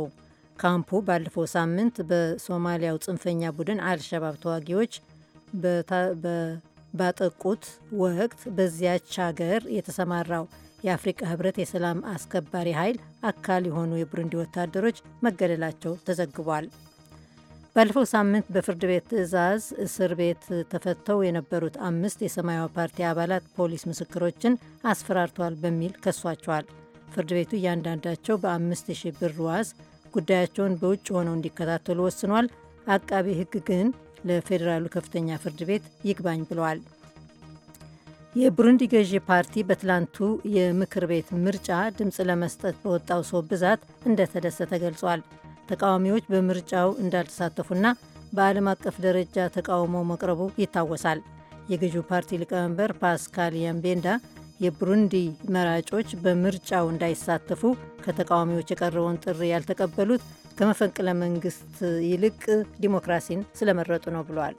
ካምፑ ባለፈው ሳምንት በሶማሊያው ጽንፈኛ ቡድን አልሸባብ ተዋጊዎች ባጠቁት ወቅት በዚያች ሀገር የተሰማራው የአፍሪካ ህብረት የሰላም አስከባሪ ኃይል አካል የሆኑ የቡሩንዲ ወታደሮች መገደላቸው ተዘግቧል። ባለፈው ሳምንት በፍርድ ቤት ትዕዛዝ እስር ቤት ተፈተው የነበሩት አምስት የሰማያዊ ፓርቲ አባላት ፖሊስ ምስክሮችን አስፈራርተዋል በሚል ከሷቸዋል። ፍርድ ቤቱ እያንዳንዳቸው በአምስት ሺህ ብር ዋስ ጉዳያቸውን በውጭ ሆነው እንዲከታተሉ ወስኗል። አቃቢ ሕግ ግን ለፌዴራሉ ከፍተኛ ፍርድ ቤት ይግባኝ ብለዋል። የቡሩንዲ ገዢ ፓርቲ በትላንቱ የምክር ቤት ምርጫ ድምፅ ለመስጠት በወጣው ሰው ብዛት እንደተደሰተ ገልጿል። ተቃዋሚዎች በምርጫው እንዳልተሳተፉና በዓለም አቀፍ ደረጃ ተቃውሞ መቅረቡ ይታወሳል። የገዢው ፓርቲ ሊቀመንበር ፓስካል ያምቤንዳ የብሩንዲ መራጮች በምርጫው እንዳይሳተፉ ከተቃዋሚዎች የቀረበውን ጥሪ ያልተቀበሉት ከመፈንቅለ መንግስት ይልቅ ዲሞክራሲን ስለመረጡ ነው ብለዋል።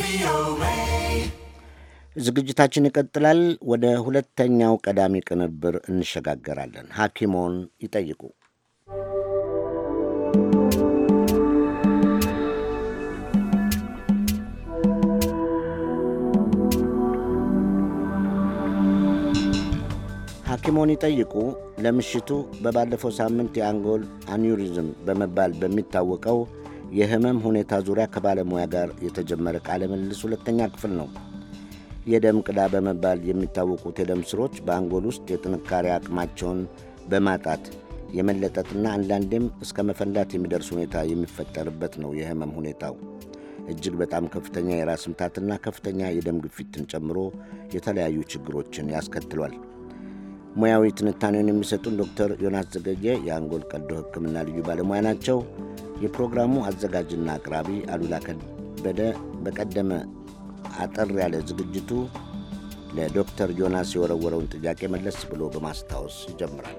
ቪኦኤ ዝግጅታችን ይቀጥላል። ወደ ሁለተኛው ቀዳሚ ቅንብር እንሸጋገራለን። ሐኪሞን ይጠይቁ። ሐኪሞን ይጠይቁ ለምሽቱ በባለፈው ሳምንት የአንጎል አኒውሪዝም በመባል በሚታወቀው የህመም ሁኔታ ዙሪያ ከባለሙያ ጋር የተጀመረ ቃለ ምልልስ ሁለተኛ ክፍል ነው። የደም ቅዳ በመባል የሚታወቁት የደም ስሮች በአንጎል ውስጥ የጥንካሬ አቅማቸውን በማጣት የመለጠጥና አንዳንዴም እስከ መፈንዳት የሚደርስ ሁኔታ የሚፈጠርበት ነው። የህመም ሁኔታው እጅግ በጣም ከፍተኛ የራስ ምታትና ከፍተኛ የደም ግፊትን ጨምሮ የተለያዩ ችግሮችን ያስከትሏል። ሙያዊ ትንታኔውን የሚሰጡን ዶክተር ዮናስ ዘገየ የአንጎል ቀዶ ሕክምና ልዩ ባለሙያ ናቸው። የፕሮግራሙ አዘጋጅና አቅራቢ አሉላ ከበደ በቀደመ አጠር ያለ ዝግጅቱ ለዶክተር ዮናስ የወረወረውን ጥያቄ መለስ ብሎ በማስታወስ ይጀምራል።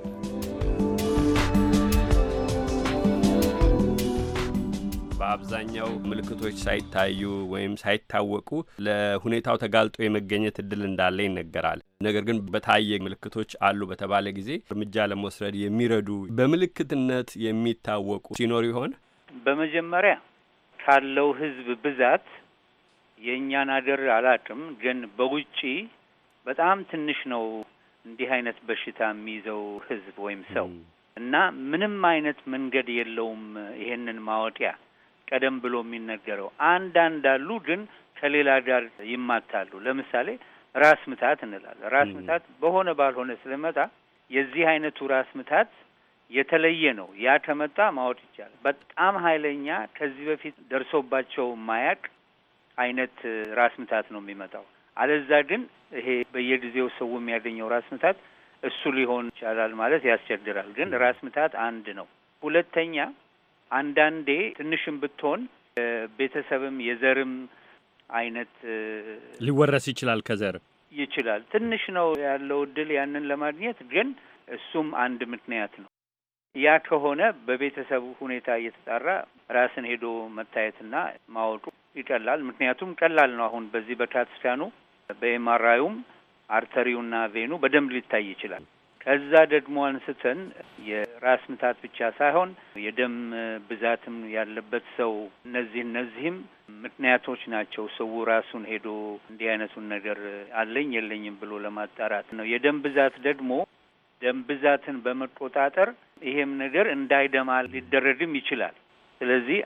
በአብዛኛው ምልክቶች ሳይታዩ ወይም ሳይታወቁ ለሁኔታው ተጋልጦ የመገኘት እድል እንዳለ ይነገራል። ነገር ግን በታየ ምልክቶች አሉ በተባለ ጊዜ እርምጃ ለመውሰድ የሚረዱ በምልክትነት የሚታወቁ ሲኖር ይሆን? በመጀመሪያ ካለው ሕዝብ ብዛት የእኛን አደር አላቅም፣ ግን በውጪ በጣም ትንሽ ነው እንዲህ አይነት በሽታ የሚይዘው ህዝብ ወይም ሰው እና ምንም አይነት መንገድ የለውም ይሄንን ማወቂያ ቀደም ብሎ የሚነገረው። አንዳንድ አሉ ግን ከሌላ ጋር ይማታሉ። ለምሳሌ ራስ ምታት እንላለን። ራስ ምታት በሆነ ባልሆነ ስለመጣ የዚህ አይነቱ ራስ ምታት የተለየ ነው። ያ ከመጣ ማወቅ ይቻላል። በጣም ኃይለኛ ከዚህ በፊት ደርሶባቸው ማያቅ አይነት ራስ ምታት ነው የሚመጣው። አለዛ ግን ይሄ በየጊዜው ሰው የሚያገኘው ራስ ምታት እሱ ሊሆን ይቻላል ማለት ያስቸግራል። ግን ራስ ምታት አንድ ነው። ሁለተኛ አንዳንዴ ትንሽም ብትሆን ቤተሰብም የዘርም አይነት ሊወረስ ይችላል። ከዘር ይችላል። ትንሽ ነው ያለው እድል ያንን ለማግኘት ግን እሱም አንድ ምክንያት ነው። ያ ከሆነ በቤተሰቡ ሁኔታ እየተጣራ ራስን ሄዶ መታየትና ማወቁ ይቀላል። ምክንያቱም ቀላል ነው። አሁን በዚህ በካትስካኑ በኤምአርአዩም አርተሪውና ቬኑ በደንብ ሊታይ ይችላል። ከዛ ደግሞ አንስተን የራስ ምታት ብቻ ሳይሆን የደም ብዛትም ያለበት ሰው እነዚህ እነዚህም ምክንያቶች ናቸው። ሰው ራሱን ሄዶ እንዲህ አይነቱን ነገር አለኝ የለኝም ብሎ ለማጣራት ነው። የደም ብዛት ደግሞ ደም ብዛትን በመቆጣጠር ይሄም ነገር እንዳይደማ ሊደረግም ይችላል። ስለዚህ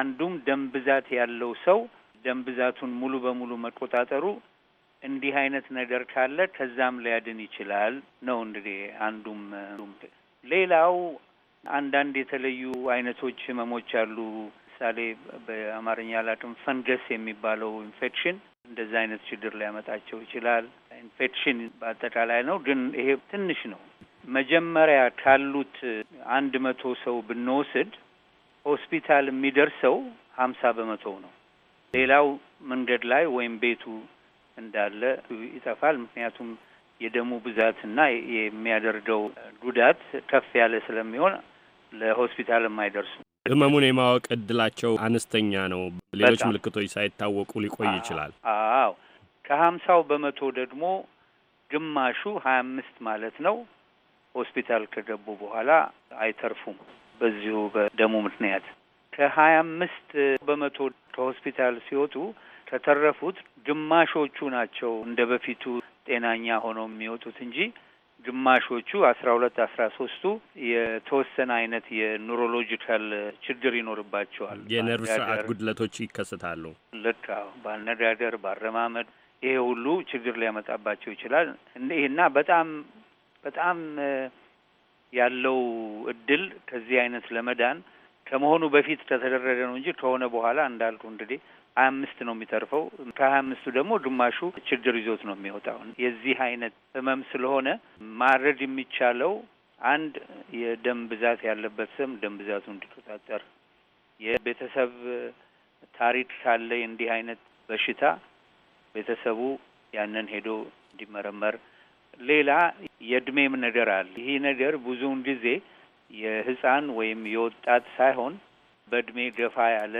አንዱም ደም ብዛት ያለው ሰው ደም ብዛቱን ሙሉ በሙሉ መቆጣጠሩ እንዲህ አይነት ነገር ካለ ከዛም ሊያድን ይችላል ነው እንግዲህ አንዱም። ሌላው አንዳንድ የተለዩ አይነቶች ህመሞች አሉ። ምሳሌ በአማርኛ ላቅም ፈንገስ የሚባለው ኢንፌክሽን እንደዛ አይነት ችግር ሊያመጣቸው ይችላል። ኢንፌክሽን በአጠቃላይ ነው፣ ግን ይሄ ትንሽ ነው። መጀመሪያ ካሉት አንድ መቶ ሰው ብንወስድ ሆስፒታል የሚደርሰው ሀምሳ በመቶ ነው። ሌላው መንገድ ላይ ወይም ቤቱ እንዳለ ይጠፋል። ምክንያቱም የደሙ ብዛትና የሚያደርገው ጉዳት ከፍ ያለ ስለሚሆን ለሆስፒታል የማይደርሱ ህመሙን የማወቅ እድላቸው አነስተኛ ነው። ሌሎች ምልክቶች ሳይታወቁ ሊቆይ ይችላል። አዎ ከሀምሳው በመቶ ደግሞ ግማሹ ሀያ አምስት ማለት ነው ሆስፒታል ከገቡ በኋላ አይተርፉም። በዚሁ በደሙ ምክንያት ከሀያ አምስት በመቶ ከሆስፒታል ሲወጡ ከተረፉት ግማሾቹ ናቸው እንደ በፊቱ ጤናኛ ሆነው የሚወጡት እንጂ ግማሾቹ አስራ ሁለት አስራ ሶስቱ የተወሰነ አይነት የኑሮሎጂካል ችግር ይኖርባቸዋል። የነርቭ ስርዓት ጉድለቶች ይከሰታሉ። ልክ በአነጋገር በአረማመድ ይሄ ሁሉ ችግር ሊያመጣባቸው ይችላል። ይህና በጣም በጣም ያለው እድል ከዚህ አይነት ለመዳን ከመሆኑ በፊት ከተደረገ ነው እንጂ ከሆነ በኋላ እንዳልኩ እንግዲህ ሀያ አምስት ነው የሚተርፈው። ከሀያ አምስቱ ደግሞ ግማሹ ችግር ይዞት ነው የሚወጣው። የዚህ አይነት ህመም ስለሆነ ማረድ የሚቻለው አንድ የደም ብዛት ያለበት ሰም ደም ብዛቱ እንዲቆጣጠር፣ የቤተሰብ ታሪክ ካለ እንዲህ አይነት በሽታ ቤተሰቡ ያንን ሄዶ እንዲመረመር ሌላ የእድሜም ነገር አለ። ይህ ነገር ብዙውን ጊዜ የህፃን ወይም የወጣት ሳይሆን በእድሜ ገፋ ያለ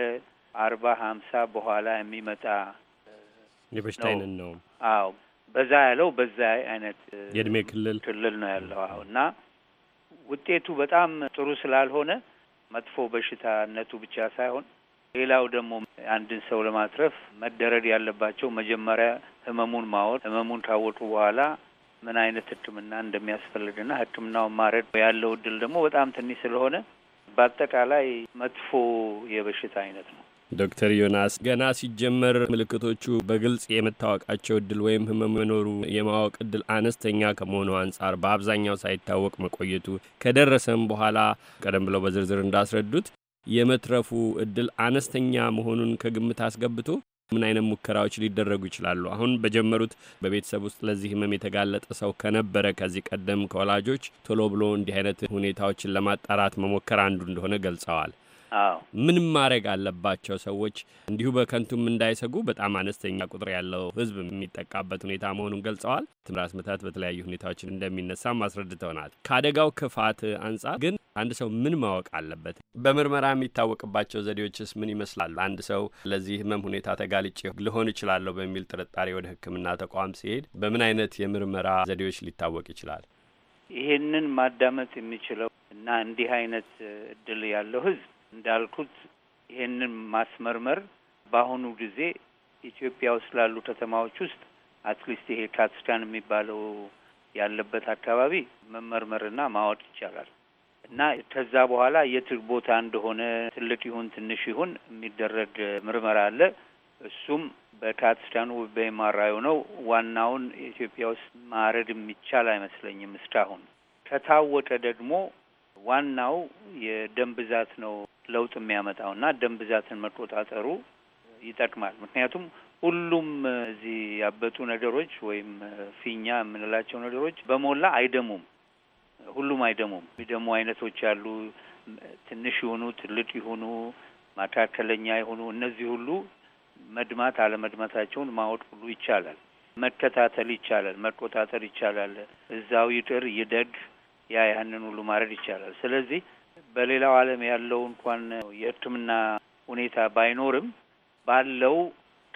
አርባ ሀምሳ በኋላ የሚመጣ የበሽታ አይነት ነው። አዎ በዛ ያለው በዛ አይነት የእድሜ ክልል ክልል ነው ያለው። አዎ እና ውጤቱ በጣም ጥሩ ስላልሆነ መጥፎ በሽታነቱ ብቻ ሳይሆን ሌላው ደግሞ አንድን ሰው ለማትረፍ መደረግ ያለባቸው መጀመሪያ ህመሙን ማወቅ፣ ህመሙን ካወቁ በኋላ ምን አይነት ሕክምና እንደሚያስፈልግና ህክምናው ማረድ ያለው እድል ደግሞ በጣም ትንሽ ስለሆነ በአጠቃላይ መጥፎ የበሽታ አይነት ነው። ዶክተር ዮናስ ገና ሲጀመር ምልክቶቹ በግልጽ የመታወቃቸው እድል ወይም ህመም መኖሩ የማወቅ እድል አነስተኛ ከመሆኑ አንጻር በአብዛኛው ሳይታወቅ መቆየቱ ከደረሰም በኋላ ቀደም ብለው በዝርዝር እንዳስረዱት የመትረፉ እድል አነስተኛ መሆኑን ከግምት አስገብቶ ምን አይነት ሙከራዎች ሊደረጉ ይችላሉ? አሁን በጀመሩት በቤተሰብ ውስጥ ለዚህ ህመም የተጋለጠ ሰው ከነበረ ከዚህ ቀደም ከወላጆች ቶሎ ብሎ እንዲህ አይነት ሁኔታዎችን ለማጣራት መሞከር አንዱ እንደሆነ ገልጸዋል። ምን ማድረግ አለባቸው ሰዎች እንዲሁ በከንቱም እንዳይሰጉ? በጣም አነስተኛ ቁጥር ያለው ህዝብ የሚጠቃበት ሁኔታ መሆኑን ገልጸዋል። ራስ ምታት በተለያዩ ሁኔታዎችን እንደሚነሳም አስረድተውናል። ከአደጋው ክፋት አንጻር ግን አንድ ሰው ምን ማወቅ አለበት? በምርመራ የሚታወቅባቸው ዘዴዎችስ ምን ይመስላል? አንድ ሰው ለዚህ ህመም ሁኔታ ተጋልጬ ልሆን እችላለሁ በሚል ጥርጣሬ ወደ ሕክምና ተቋም ሲሄድ በምን አይነት የምርመራ ዘዴዎች ሊታወቅ ይችላል? ይህንን ማዳመጥ የሚችለው እና እንዲህ አይነት እድል ያለው ህዝብ እንዳልኩት ይህንን ማስመርመር በአሁኑ ጊዜ ኢትዮጵያ ውስጥ ላሉ ከተማዎች ውስጥ አትሊስት ይሄ ካትስካን የሚባለው ያለበት አካባቢ መመርመርና ማወቅ ይቻላል። እና ከዛ በኋላ የት ቦታ እንደሆነ ትልቅ ይሁን ትንሽ ይሁን የሚደረግ ምርመራ አለ። እሱም በካትስታኑ በኤምአርአይ ነው። ዋናውን ኢትዮጵያ ውስጥ ማረድ የሚቻል አይመስለኝም እስካሁን። ከታወቀ ደግሞ ዋናው የደም ብዛት ነው ለውጥ የሚያመጣው እና ደም ብዛትን መቆጣጠሩ ይጠቅማል። ምክንያቱም ሁሉም እዚህ ያበጡ ነገሮች ወይም ፊኛ የምንላቸው ነገሮች በሞላ አይደሙም። ሁሉም አይደሙም። የሚደሙ አይነቶች አሉ። ትንሽ ይሁኑ፣ ትልቅ ይሁኑ፣ መካከለኛ ይሁኑ፣ እነዚህ ሁሉ መድማት አለመድማታቸውን ማወቅ ሁሉ ይቻላል። መከታተል ይቻላል። መቆጣጠር ይቻላል። እዛው ይቅር ይደግ፣ ያ ያንን ሁሉ ማድረግ ይቻላል። ስለዚህ በሌላው ዓለም ያለው እንኳን የሕክምና ሁኔታ ባይኖርም ባለው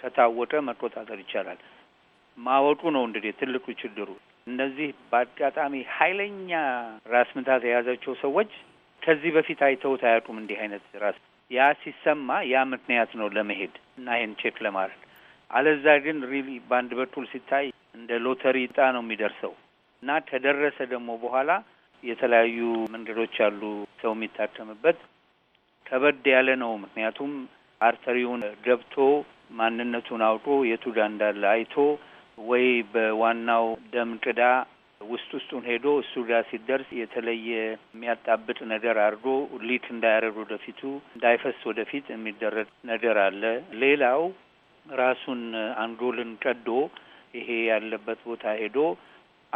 ከታወቀ መቆጣጠር ይቻላል። ማወቁ ነው እንግዲህ ትልቁ ችግሩ። እነዚህ በአጋጣሚ ኃይለኛ ራስ ምታት የያዛቸው ሰዎች ከዚህ በፊት አይተውት አያውቁም። እንዲህ አይነት ራስ ያ ሲሰማ ያ ምክንያት ነው ለመሄድ እና ይህን ቼክ ለማድረግ። አለዛ ግን ሪሊ በአንድ በኩል ሲታይ እንደ ሎተሪ ጣ ነው የሚደርሰው እና ከደረሰ ደግሞ በኋላ የተለያዩ መንገዶች አሉ ሰው የሚታከምበት። ከበድ ያለ ነው ምክንያቱም አርተሪውን ገብቶ ማንነቱን አውቆ የቱ ጋ እንዳለ አይቶ ወይ በዋናው ደም ቅዳ ውስጥ ውስጡን ሄዶ እሱ ጋር ሲደርስ የተለየ የሚያጣብጥ ነገር አድርጎ ሊክ እንዳያረግ ወደፊቱ እንዳይፈስ ወደፊት የሚደረግ ነገር አለ። ሌላው ራሱን አንጎልን ቀዶ ይሄ ያለበት ቦታ ሄዶ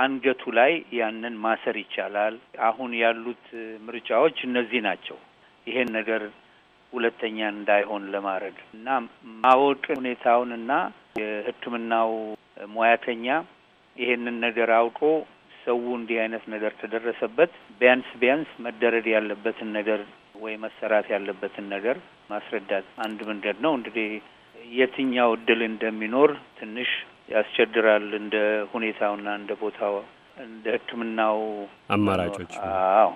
አንገቱ ላይ ያንን ማሰር ይቻላል። አሁን ያሉት ምርጫዎች እነዚህ ናቸው። ይሄን ነገር ሁለተኛ እንዳይሆን ለማድረግ እና ማወቅ ሁኔታውንና የሕክምናው ሙያተኛ ይሄንን ነገር አውቆ ሰው እንዲህ አይነት ነገር ተደረሰበት፣ ቢያንስ ቢያንስ መደረድ ያለበትን ነገር ወይ መሰራት ያለበትን ነገር ማስረዳት አንድ መንገድ ነው። እንግዲህ የትኛው እድል እንደሚኖር ትንሽ ያስቸግራል፣ እንደ ሁኔታውና እንደ ቦታው እንደ ሕክምናው አማራጮች። አዎ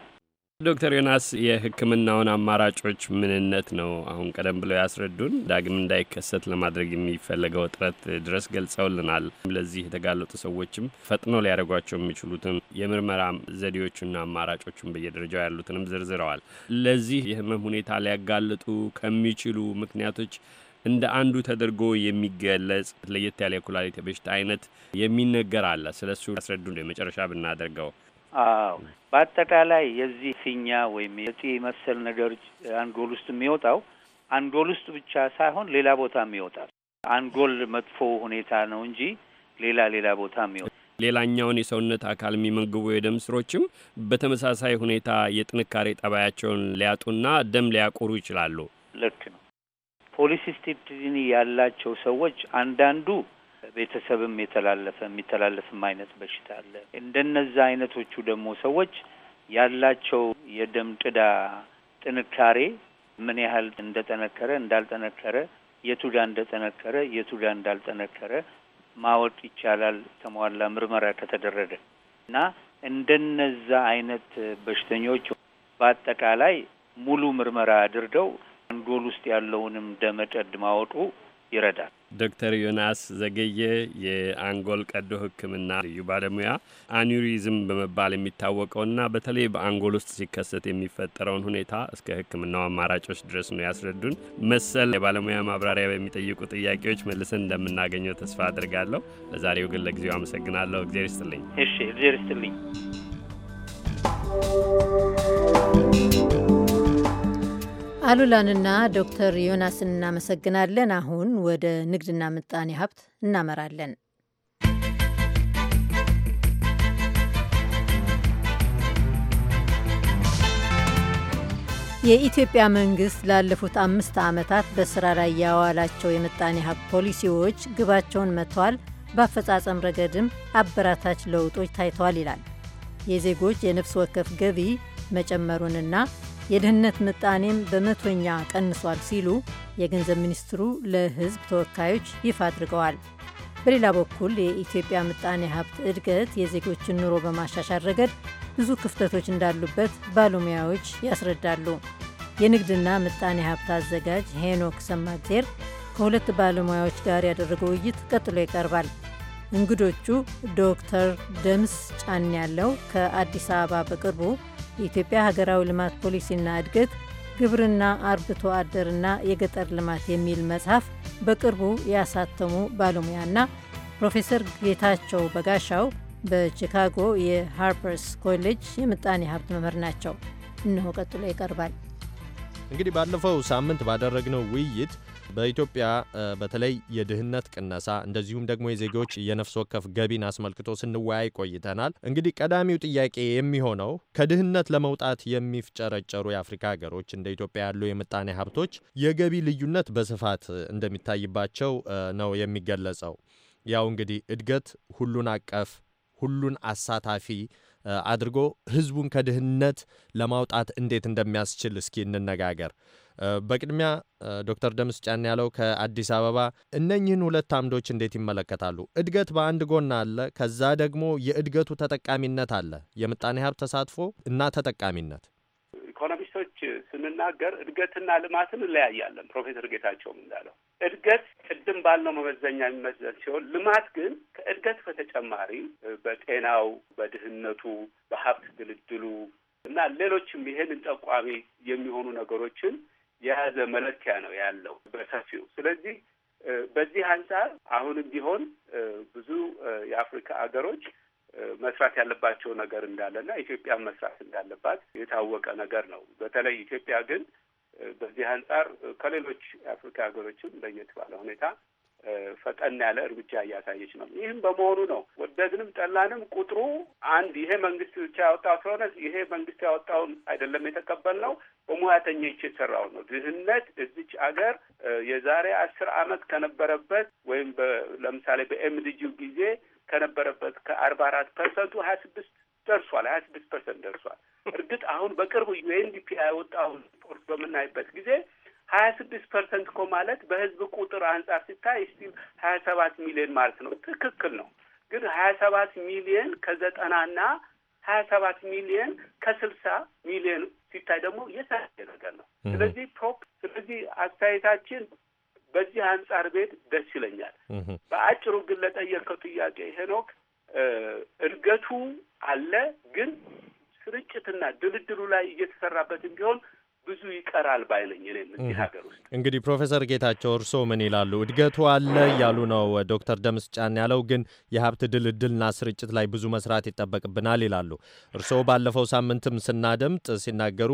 ዶክተር ዮናስ የሕክምናውን አማራጮች ምንነት ነው አሁን ቀደም ብለው ያስረዱን። ዳግም እንዳይከሰት ለማድረግ የሚፈለገው ጥረት ድረስ ገልጸውልናል። ለዚህ የተጋለጡ ሰዎችም ፈጥኖ ሊያደርጓቸው የሚችሉትን የምርመራ ዘዴዎቹና አማራጮቹን በየደረጃው ያሉትንም ዝርዝረዋል። ለዚህ የህመም ሁኔታ ሊያጋልጡ ከሚችሉ ምክንያቶች እንደ አንዱ ተደርጎ የሚገለጽ ለየት ያለ የኩላሊት በሽታ አይነት የሚነገር አለ። ስለ እሱ ያስረዱ ነው የመጨረሻ ብናደርገው አዎ በአጠቃላይ የዚህ ፊኛ ወይም የእጢ መሰል ነገር አንጎል ውስጥ የሚወጣው አንጎል ውስጥ ብቻ ሳይሆን ሌላ ቦታም ይወጣል። አንጎል መጥፎ ሁኔታ ነው እንጂ ሌላ ሌላ ቦታም ይወጣል። ሌላኛውን የሰውነት አካል የሚመግቡ የደም ስሮችም በተመሳሳይ ሁኔታ የጥንካሬ ጠባያቸውን ሊያጡና ደም ሊያቆሩ ይችላሉ። ልክ ነው። ፖሊሲስቲክ ያላቸው ሰዎች አንዳንዱ ቤተሰብም የተላለፈ የሚተላለፍም አይነት በሽታ አለ። እንደነዛ አይነቶቹ ደግሞ ሰዎች ያላቸው የደም ጥዳ ጥንካሬ ምን ያህል እንደጠነከረ እንዳልጠነከረ፣ የቱዳ እንደጠነከረ የቱዳ እንዳልጠነከረ ማወቅ ይቻላል ተሟላ ምርመራ ከተደረገ እና እንደነዛ አይነት በሽተኞች በአጠቃላይ ሙሉ ምርመራ አድርገው አንጎል ውስጥ ያለውንም ደም ማወጡ ማወቁ ይረዳል። ዶክተር ዮናስ ዘገየ የአንጎል ቀዶ ሕክምና ልዩ ባለሙያ አኒሪዝም በመባል የሚታወቀውና በተለይ በአንጎል ውስጥ ሲከሰት የሚፈጠረውን ሁኔታ እስከ ሕክምናው አማራጮች ድረስ ነው ያስረዱን። መሰል የባለሙያ ማብራሪያ በሚጠይቁ ጥያቄዎች መልሰን እንደምናገኘው ተስፋ አድርጋለሁ። ለዛሬው ግን ለጊዜው አመሰግናለሁ። እግዜር ይስጥልኝ። እሺ፣ እግዜር ይስጥልኝ። አሉላንና ዶክተር ዮናስን እናመሰግናለን። አሁን ወደ ንግድና ምጣኔ ሀብት እናመራለን። የኢትዮጵያ መንግስት ላለፉት አምስት ዓመታት በስራ ላይ ያዋላቸው የምጣኔ ሀብት ፖሊሲዎች ግባቸውን መተዋል፣ በአፈጻጸም ረገድም አበራታች ለውጦች ታይተዋል ይላል። የዜጎች የነፍስ ወከፍ ገቢ መጨመሩንና የድህነት ምጣኔም በመቶኛ ቀንሷል ሲሉ የገንዘብ ሚኒስትሩ ለሕዝብ ተወካዮች ይፋ አድርገዋል። በሌላ በኩል የኢትዮጵያ ምጣኔ ሀብት እድገት የዜጎችን ኑሮ በማሻሻል ረገድ ብዙ ክፍተቶች እንዳሉበት ባለሙያዎች ያስረዳሉ። የንግድና ምጣኔ ሀብት አዘጋጅ ሄኖክ ሰማግዜር ከሁለት ባለሙያዎች ጋር ያደረገው ውይይት ቀጥሎ ይቀርባል። እንግዶቹ ዶክተር ደምስ ጫን ያለው ከአዲስ አበባ በቅርቡ የኢትዮጵያ ሀገራዊ ልማት ፖሊሲና እድገት ግብርና፣ አርብቶ አደርና የገጠር ልማት የሚል መጽሐፍ በቅርቡ ያሳተሙ ባለሙያና ፕሮፌሰር ጌታቸው በጋሻው በቺካጎ የሃርፐርስ ኮሌጅ የምጣኔ ሀብት መምህር ናቸው። እነሆ ቀጥሎ ይቀርባል። እንግዲህ ባለፈው ሳምንት ባደረግነው ውይይት በኢትዮጵያ በተለይ የድህነት ቅነሳ እንደዚሁም ደግሞ የዜጎች የነፍስ ወከፍ ገቢን አስመልክቶ ስንወያይ ቆይተናል። እንግዲህ ቀዳሚው ጥያቄ የሚሆነው ከድህነት ለመውጣት የሚፍጨረጨሩ የአፍሪካ ሀገሮች እንደ ኢትዮጵያ ያሉ የምጣኔ ሀብቶች የገቢ ልዩነት በስፋት እንደሚታይባቸው ነው የሚገለጸው። ያው እንግዲህ እድገት ሁሉን አቀፍ ሁሉን አሳታፊ አድርጎ ህዝቡን ከድህነት ለማውጣት እንዴት እንደሚያስችል እስኪ እንነጋገር። በቅድሚያ ዶክተር ደምስ ጫን ያለው ከአዲስ አበባ እነኝህን ሁለት አምዶች እንዴት ይመለከታሉ? እድገት በአንድ ጎን አለ፣ ከዛ ደግሞ የእድገቱ ተጠቃሚነት አለ፣ የምጣኔ ሀብት ተሳትፎ እና ተጠቃሚነት። ኢኮኖሚስቶች ስንናገር እድገትና ልማትን እንለያያለን። ፕሮፌሰር ጌታቸውም እንዳለው እድገት ቅድም ባልነው መመዘኛ የሚመዘን ሲሆን ልማት ግን ከእድገት በተጨማሪ በጤናው፣ በድህነቱ፣ በሀብት ድልድሉ እና ሌሎችም ይሄንን ጠቋሚ የሚሆኑ ነገሮችን የያዘ መለኪያ ነው ያለው በሰፊው። ስለዚህ በዚህ አንጻር አሁንም ቢሆን ብዙ የአፍሪካ አገሮች መስራት ያለባቸው ነገር እንዳለና ኢትዮጵያ መስራት እንዳለባት የታወቀ ነገር ነው። በተለይ ኢትዮጵያ ግን በዚህ አንጻር ከሌሎች የአፍሪካ ሀገሮችም ለየት ባለ ሁኔታ ፈጠን ያለ እርምጃ እያሳየች ነው። ይህም በመሆኑ ነው ወደድንም ጠላንም ቁጥሩ አንድ ይሄ መንግስት ብቻ ያወጣው ስለሆነ ይሄ መንግስት ያወጣውን አይደለም የተቀበልነው፣ በሙያተኞች የተሰራው ነው። ድህነት እዚች አገር የዛሬ አስር አመት ከነበረበት ወይም ለምሳሌ በኤምዲጂው ጊዜ ከነበረበት ከአርባ አራት ፐርሰንቱ ሀያ ስድስት ደርሷል። ሀያ ስድስት ፐርሰንት ደርሷል። እርግጥ አሁን በቅርቡ ዩኤንዲፒ ያወጣውን ሪፖርት በምናይበት ጊዜ ሀያ ስድስት ፐርሰንት እኮ ማለት በህዝብ ቁጥር አንጻር ሲታይ ስቲል ሀያ ሰባት ሚሊዮን ማለት ነው። ትክክል ነው። ግን ሀያ ሰባት ሚሊዮን ከዘጠና ከዘጠናና ሀያ ሰባት ሚሊዮን ከስልሳ ሚሊዮን ሲታይ ደግሞ የተለየ ነገር ነው። ስለዚህ ፕሮፕ ስለዚህ አስተያየታችን በዚህ አንጻር ቤት ደስ ይለኛል። በአጭሩ ግን ለጠየቀው ጥያቄ ሄኖክ እድገቱ አለ ግን ስርጭትና ድልድሉ ላይ እየተሰራበት ቢሆን ብዙ ይቀራል ባይለኝ እኔም እዚህ ሀገር ውስጥ። እንግዲህ ፕሮፌሰር ጌታቸው እርስዎ ምን ይላሉ? እድገቱ አለ እያሉ ነው ዶክተር ደምስ ጫን ያለው ግን የሀብት ድል እድልና ስርጭት ላይ ብዙ መስራት ይጠበቅብናል ይላሉ። እርስዎ ባለፈው ሳምንትም ስናደምጥ ሲናገሩ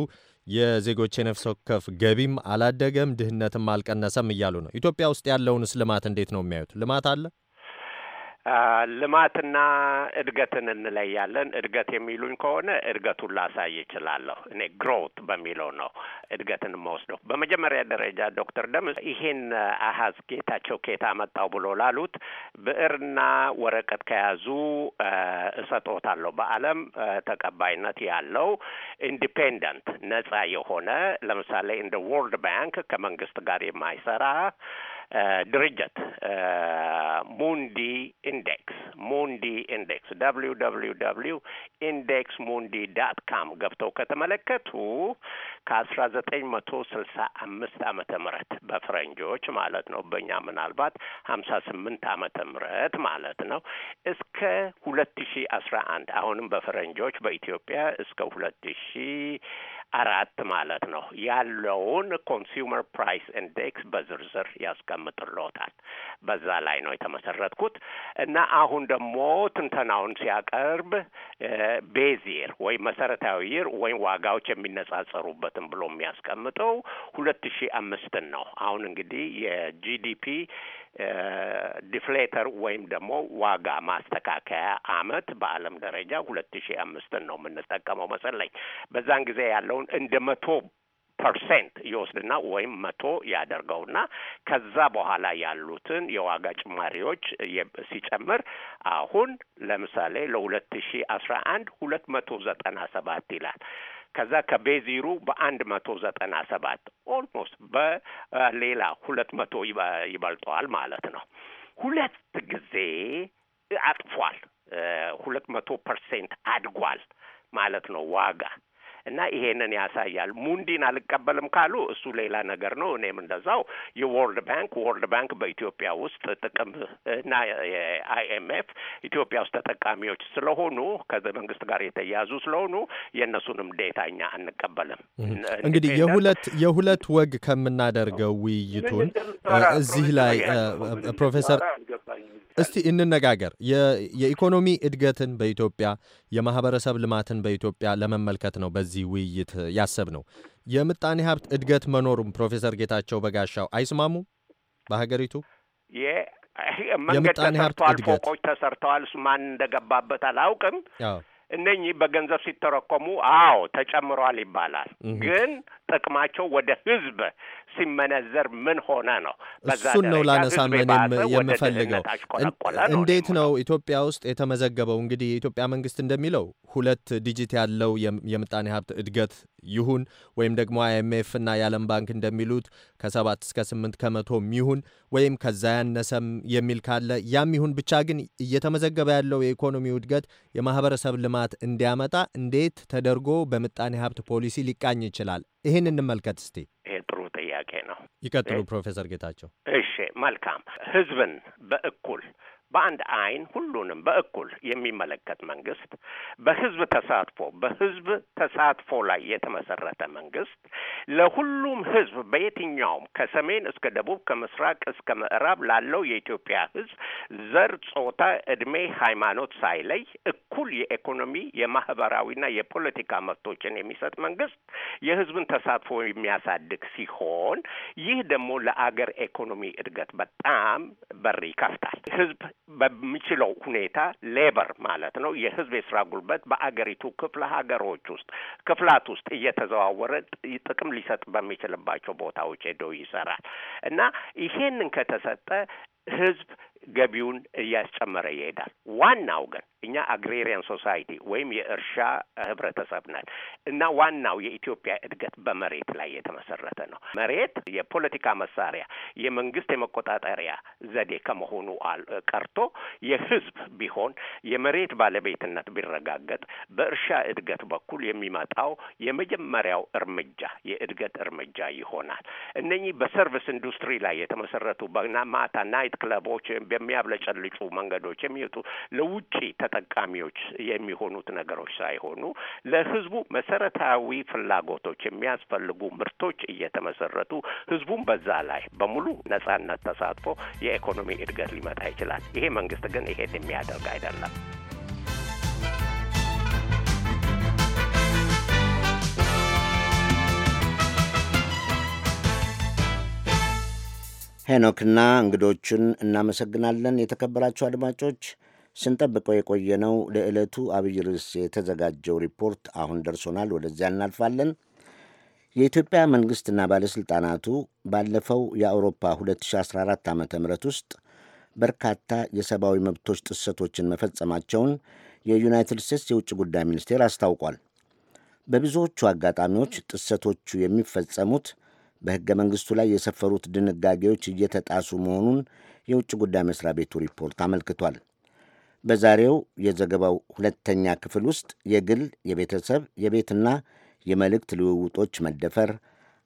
የዜጎች የነፍስ ወከፍ ገቢም አላደገም ድህነትም አልቀነሰም እያሉ ነው። ኢትዮጵያ ውስጥ ያለውን ልማት እንዴት ነው የሚያዩት? ልማት አለ? ልማትና እድገትን እንለያለን። እድገት የሚሉኝ ከሆነ እድገቱን ላሳይ ይችላለሁ። እኔ ግሮውት በሚለው ነው እድገትን የምወስደው። በመጀመሪያ ደረጃ ዶክተር ደምስ ይሄን አሀዝ ጌታቸው ኬታ መጣው ብሎ ላሉት ብዕርና ወረቀት ከያዙ እሰጦታለሁ። በዓለም ተቀባይነት ያለው ኢንዲፔንደንት ነጻ የሆነ ለምሳሌ እንደ ወርልድ ባንክ ከመንግስት ጋር የማይሰራ ድርጅት ሙንዲ ኢንዴክስ ሙንዲ ኢንዴክስ ደብሊው ደብሊው ደብሊው ኢንዴክስ ሙንዲ ዳት ካም ገብተው ከተመለከቱ ከአስራ ዘጠኝ መቶ ስልሳ አምስት አመተ ምህረት በፈረንጆች ማለት ነው። በእኛ ምናልባት ሀምሳ ስምንት አመተ ምህረት ማለት ነው እስከ ሁለት ሺ አስራ አንድ አሁንም በፈረንጆች በኢትዮጵያ እስከ ሁለት ሺ አራት ማለት ነው ያለውን ኮንሱመር ፕራይስ ኢንዴክስ በዝርዝር ያስቀ ያስቀምጥልዎታል። በዛ ላይ ነው የተመሰረትኩት እና አሁን ደግሞ ትንተናውን ሲያቀርብ ቤዚር ወይ መሰረታዊ ይር ወይም ዋጋዎች የሚነጻጸሩበትን ብሎ የሚያስቀምጠው ሁለት ሺ አምስትን ነው። አሁን እንግዲህ የጂዲፒ ዲፍሌተር ወይም ደግሞ ዋጋ ማስተካከያ አመት በዓለም ደረጃ ሁለት ሺ አምስትን ነው የምንጠቀመው መሰለኝ። በዛን ጊዜ ያለውን እንደ መቶ ፐርሰንት ይወስድና ወይም መቶ ያደርገውና ከዛ በኋላ ያሉትን የዋጋ ጭማሪዎች ሲጨምር አሁን ለምሳሌ ለሁለት ሺ አስራ አንድ ሁለት መቶ ዘጠና ሰባት ይላል። ከዛ ከቤዚሩ በአንድ መቶ ዘጠና ሰባት ኦልሞስት በሌላ ሁለት መቶ ይበልጠዋል ማለት ነው። ሁለት ጊዜ አጥፏል። ሁለት መቶ ፐርሰንት አድጓል ማለት ነው ዋጋ እና ይሄንን ያሳያል። ሙንዲን አልቀበልም ካሉ እሱ ሌላ ነገር ነው። እኔም እንደዛው የወርልድ ባንክ ወርልድ ባንክ በኢትዮጵያ ውስጥ ጥቅም እና የአይኤምኤፍ ኢትዮጵያ ውስጥ ተጠቃሚዎች ስለሆኑ ከመንግስት ጋር የተያያዙ ስለሆኑ የእነሱንም ዴታ እኛ አንቀበልም። እንግዲህ የሁለት የሁለት ወግ ከምናደርገው ውይይቱን እዚህ ላይ ፕሮፌሰር እስቲ እንነጋገር። የኢኮኖሚ እድገትን በኢትዮጵያ የማህበረሰብ ልማትን በኢትዮጵያ ለመመልከት ነው በዚህ ውይይት ያሰብ ነው። የምጣኔ ሀብት እድገት መኖሩም ፕሮፌሰር ጌታቸው በጋሻው አይስማሙም። በሀገሪቱ የምጣኔ ተሰርቷል፣ ፎቆች ተሰርተዋል። እሱ ማን እንደገባበት አላውቅም። እነኚህ በገንዘብ ሲተረኮሙ አዎ ተጨምሯል ይባላል። ግን ጥቅማቸው ወደ ህዝብ ሲመነዘር ምን ሆነ ነው? እሱን ነው ላነሳ የምፈልገው። እንዴት ነው ኢትዮጵያ ውስጥ የተመዘገበው? እንግዲህ የኢትዮጵያ መንግስት እንደሚለው ሁለት ዲጂት ያለው የምጣኔ ሀብት እድገት ይሁን ወይም ደግሞ አይኤምኤፍ እና የዓለም ባንክ እንደሚሉት ከሰባት እስከ ስምንት ከመቶም ይሁን ወይም ከዛ ያነሰም የሚል ካለ ያም ይሁን ብቻ ግን እየተመዘገበ ያለው የኢኮኖሚ እድገት የማህበረሰብ ልማ ልማት እንዲያመጣ እንዴት ተደርጎ በምጣኔ ሀብት ፖሊሲ ሊቃኝ ይችላል? ይህን እንመልከት እስቲ። ይሄ ጥሩ ጥያቄ ነው። ይቀጥሉ ፕሮፌሰር ጌታቸው። እሺ፣ መልካም ህዝብን በእኩል በአንድ አይን ሁሉንም በእኩል የሚመለከት መንግስት፣ በህዝብ ተሳትፎ በህዝብ ተሳትፎ ላይ የተመሰረተ መንግስት ለሁሉም ህዝብ በየትኛውም ከሰሜን እስከ ደቡብ ከምስራቅ እስከ ምዕራብ ላለው የኢትዮጵያ ህዝብ ዘር፣ ጾታ፣ እድሜ፣ ሃይማኖት ሳይለይ እኩል የኢኮኖሚ የማህበራዊና የፖለቲካ መብቶችን የሚሰጥ መንግስት የህዝብን ተሳትፎ የሚያሳድግ ሲሆን ይህ ደግሞ ለአገር ኢኮኖሚ እድገት በጣም በር ይከፍታል። ህዝብ በሚችለው ሁኔታ ሌበር ማለት ነው የህዝብ የስራ ጉልበት በአገሪቱ ክፍለ ሀገሮች ውስጥ ክፍላት ውስጥ እየተዘዋወረ ጥቅም ሊሰጥ በሚችልባቸው ቦታዎች ሄዶ ይሰራል እና ይሄንን ከተሰጠ ህዝብ ገቢውን እያስጨመረ ይሄዳል። ዋናው ግን እኛ አግሬሪያን ሶሳይቲ ወይም የእርሻ ህብረተሰብ ነን እና ዋናው የኢትዮጵያ እድገት በመሬት ላይ የተመሰረተ ነው። መሬት የፖለቲካ መሳሪያ፣ የመንግስት የመቆጣጠሪያ ዘዴ ከመሆኑ ቀርቶ የህዝብ ቢሆን የመሬት ባለቤትነት ቢረጋገጥ በእርሻ እድገት በኩል የሚመጣው የመጀመሪያው እርምጃ የእድገት እርምጃ ይሆናል። እነኚህ በሰርቪስ ኢንዱስትሪ ላይ የተመሰረቱ በማታ ናይት ክለቦች የሚያብለጨልጩ መንገዶች የሚወጡ ለውጭ ተጠቃሚዎች የሚሆኑት ነገሮች ሳይሆኑ ለህዝቡ መሰረታዊ ፍላጎቶች የሚያስፈልጉ ምርቶች እየተመሰረቱ ህዝቡም በዛ ላይ በሙሉ ነጻነት ተሳትፎ የኢኮኖሚ እድገት ሊመጣ ይችላል። ይሄ መንግስት ግን ይሄን የሚያደርግ አይደለም። ሄኖክና እንግዶቹን እናመሰግናለን። የተከበራችሁ አድማጮች ስንጠብቀው የቆየነው ለዕለቱ አብይ ርዕስ የተዘጋጀው ሪፖርት አሁን ደርሶናል። ወደዚያ እናልፋለን። የኢትዮጵያ መንግሥትና ባለሥልጣናቱ ባለፈው የአውሮፓ 2014 ዓ ም ውስጥ በርካታ የሰብአዊ መብቶች ጥሰቶችን መፈጸማቸውን የዩናይትድ ስቴትስ የውጭ ጉዳይ ሚኒስቴር አስታውቋል። በብዙዎቹ አጋጣሚዎች ጥሰቶቹ የሚፈጸሙት በሕገ መንግሥቱ ላይ የሰፈሩት ድንጋጌዎች እየተጣሱ መሆኑን የውጭ ጉዳይ መሥሪያ ቤቱ ሪፖርት አመልክቷል። በዛሬው የዘገባው ሁለተኛ ክፍል ውስጥ የግል የቤተሰብ የቤትና የመልእክት ልውውጦች መደፈር፣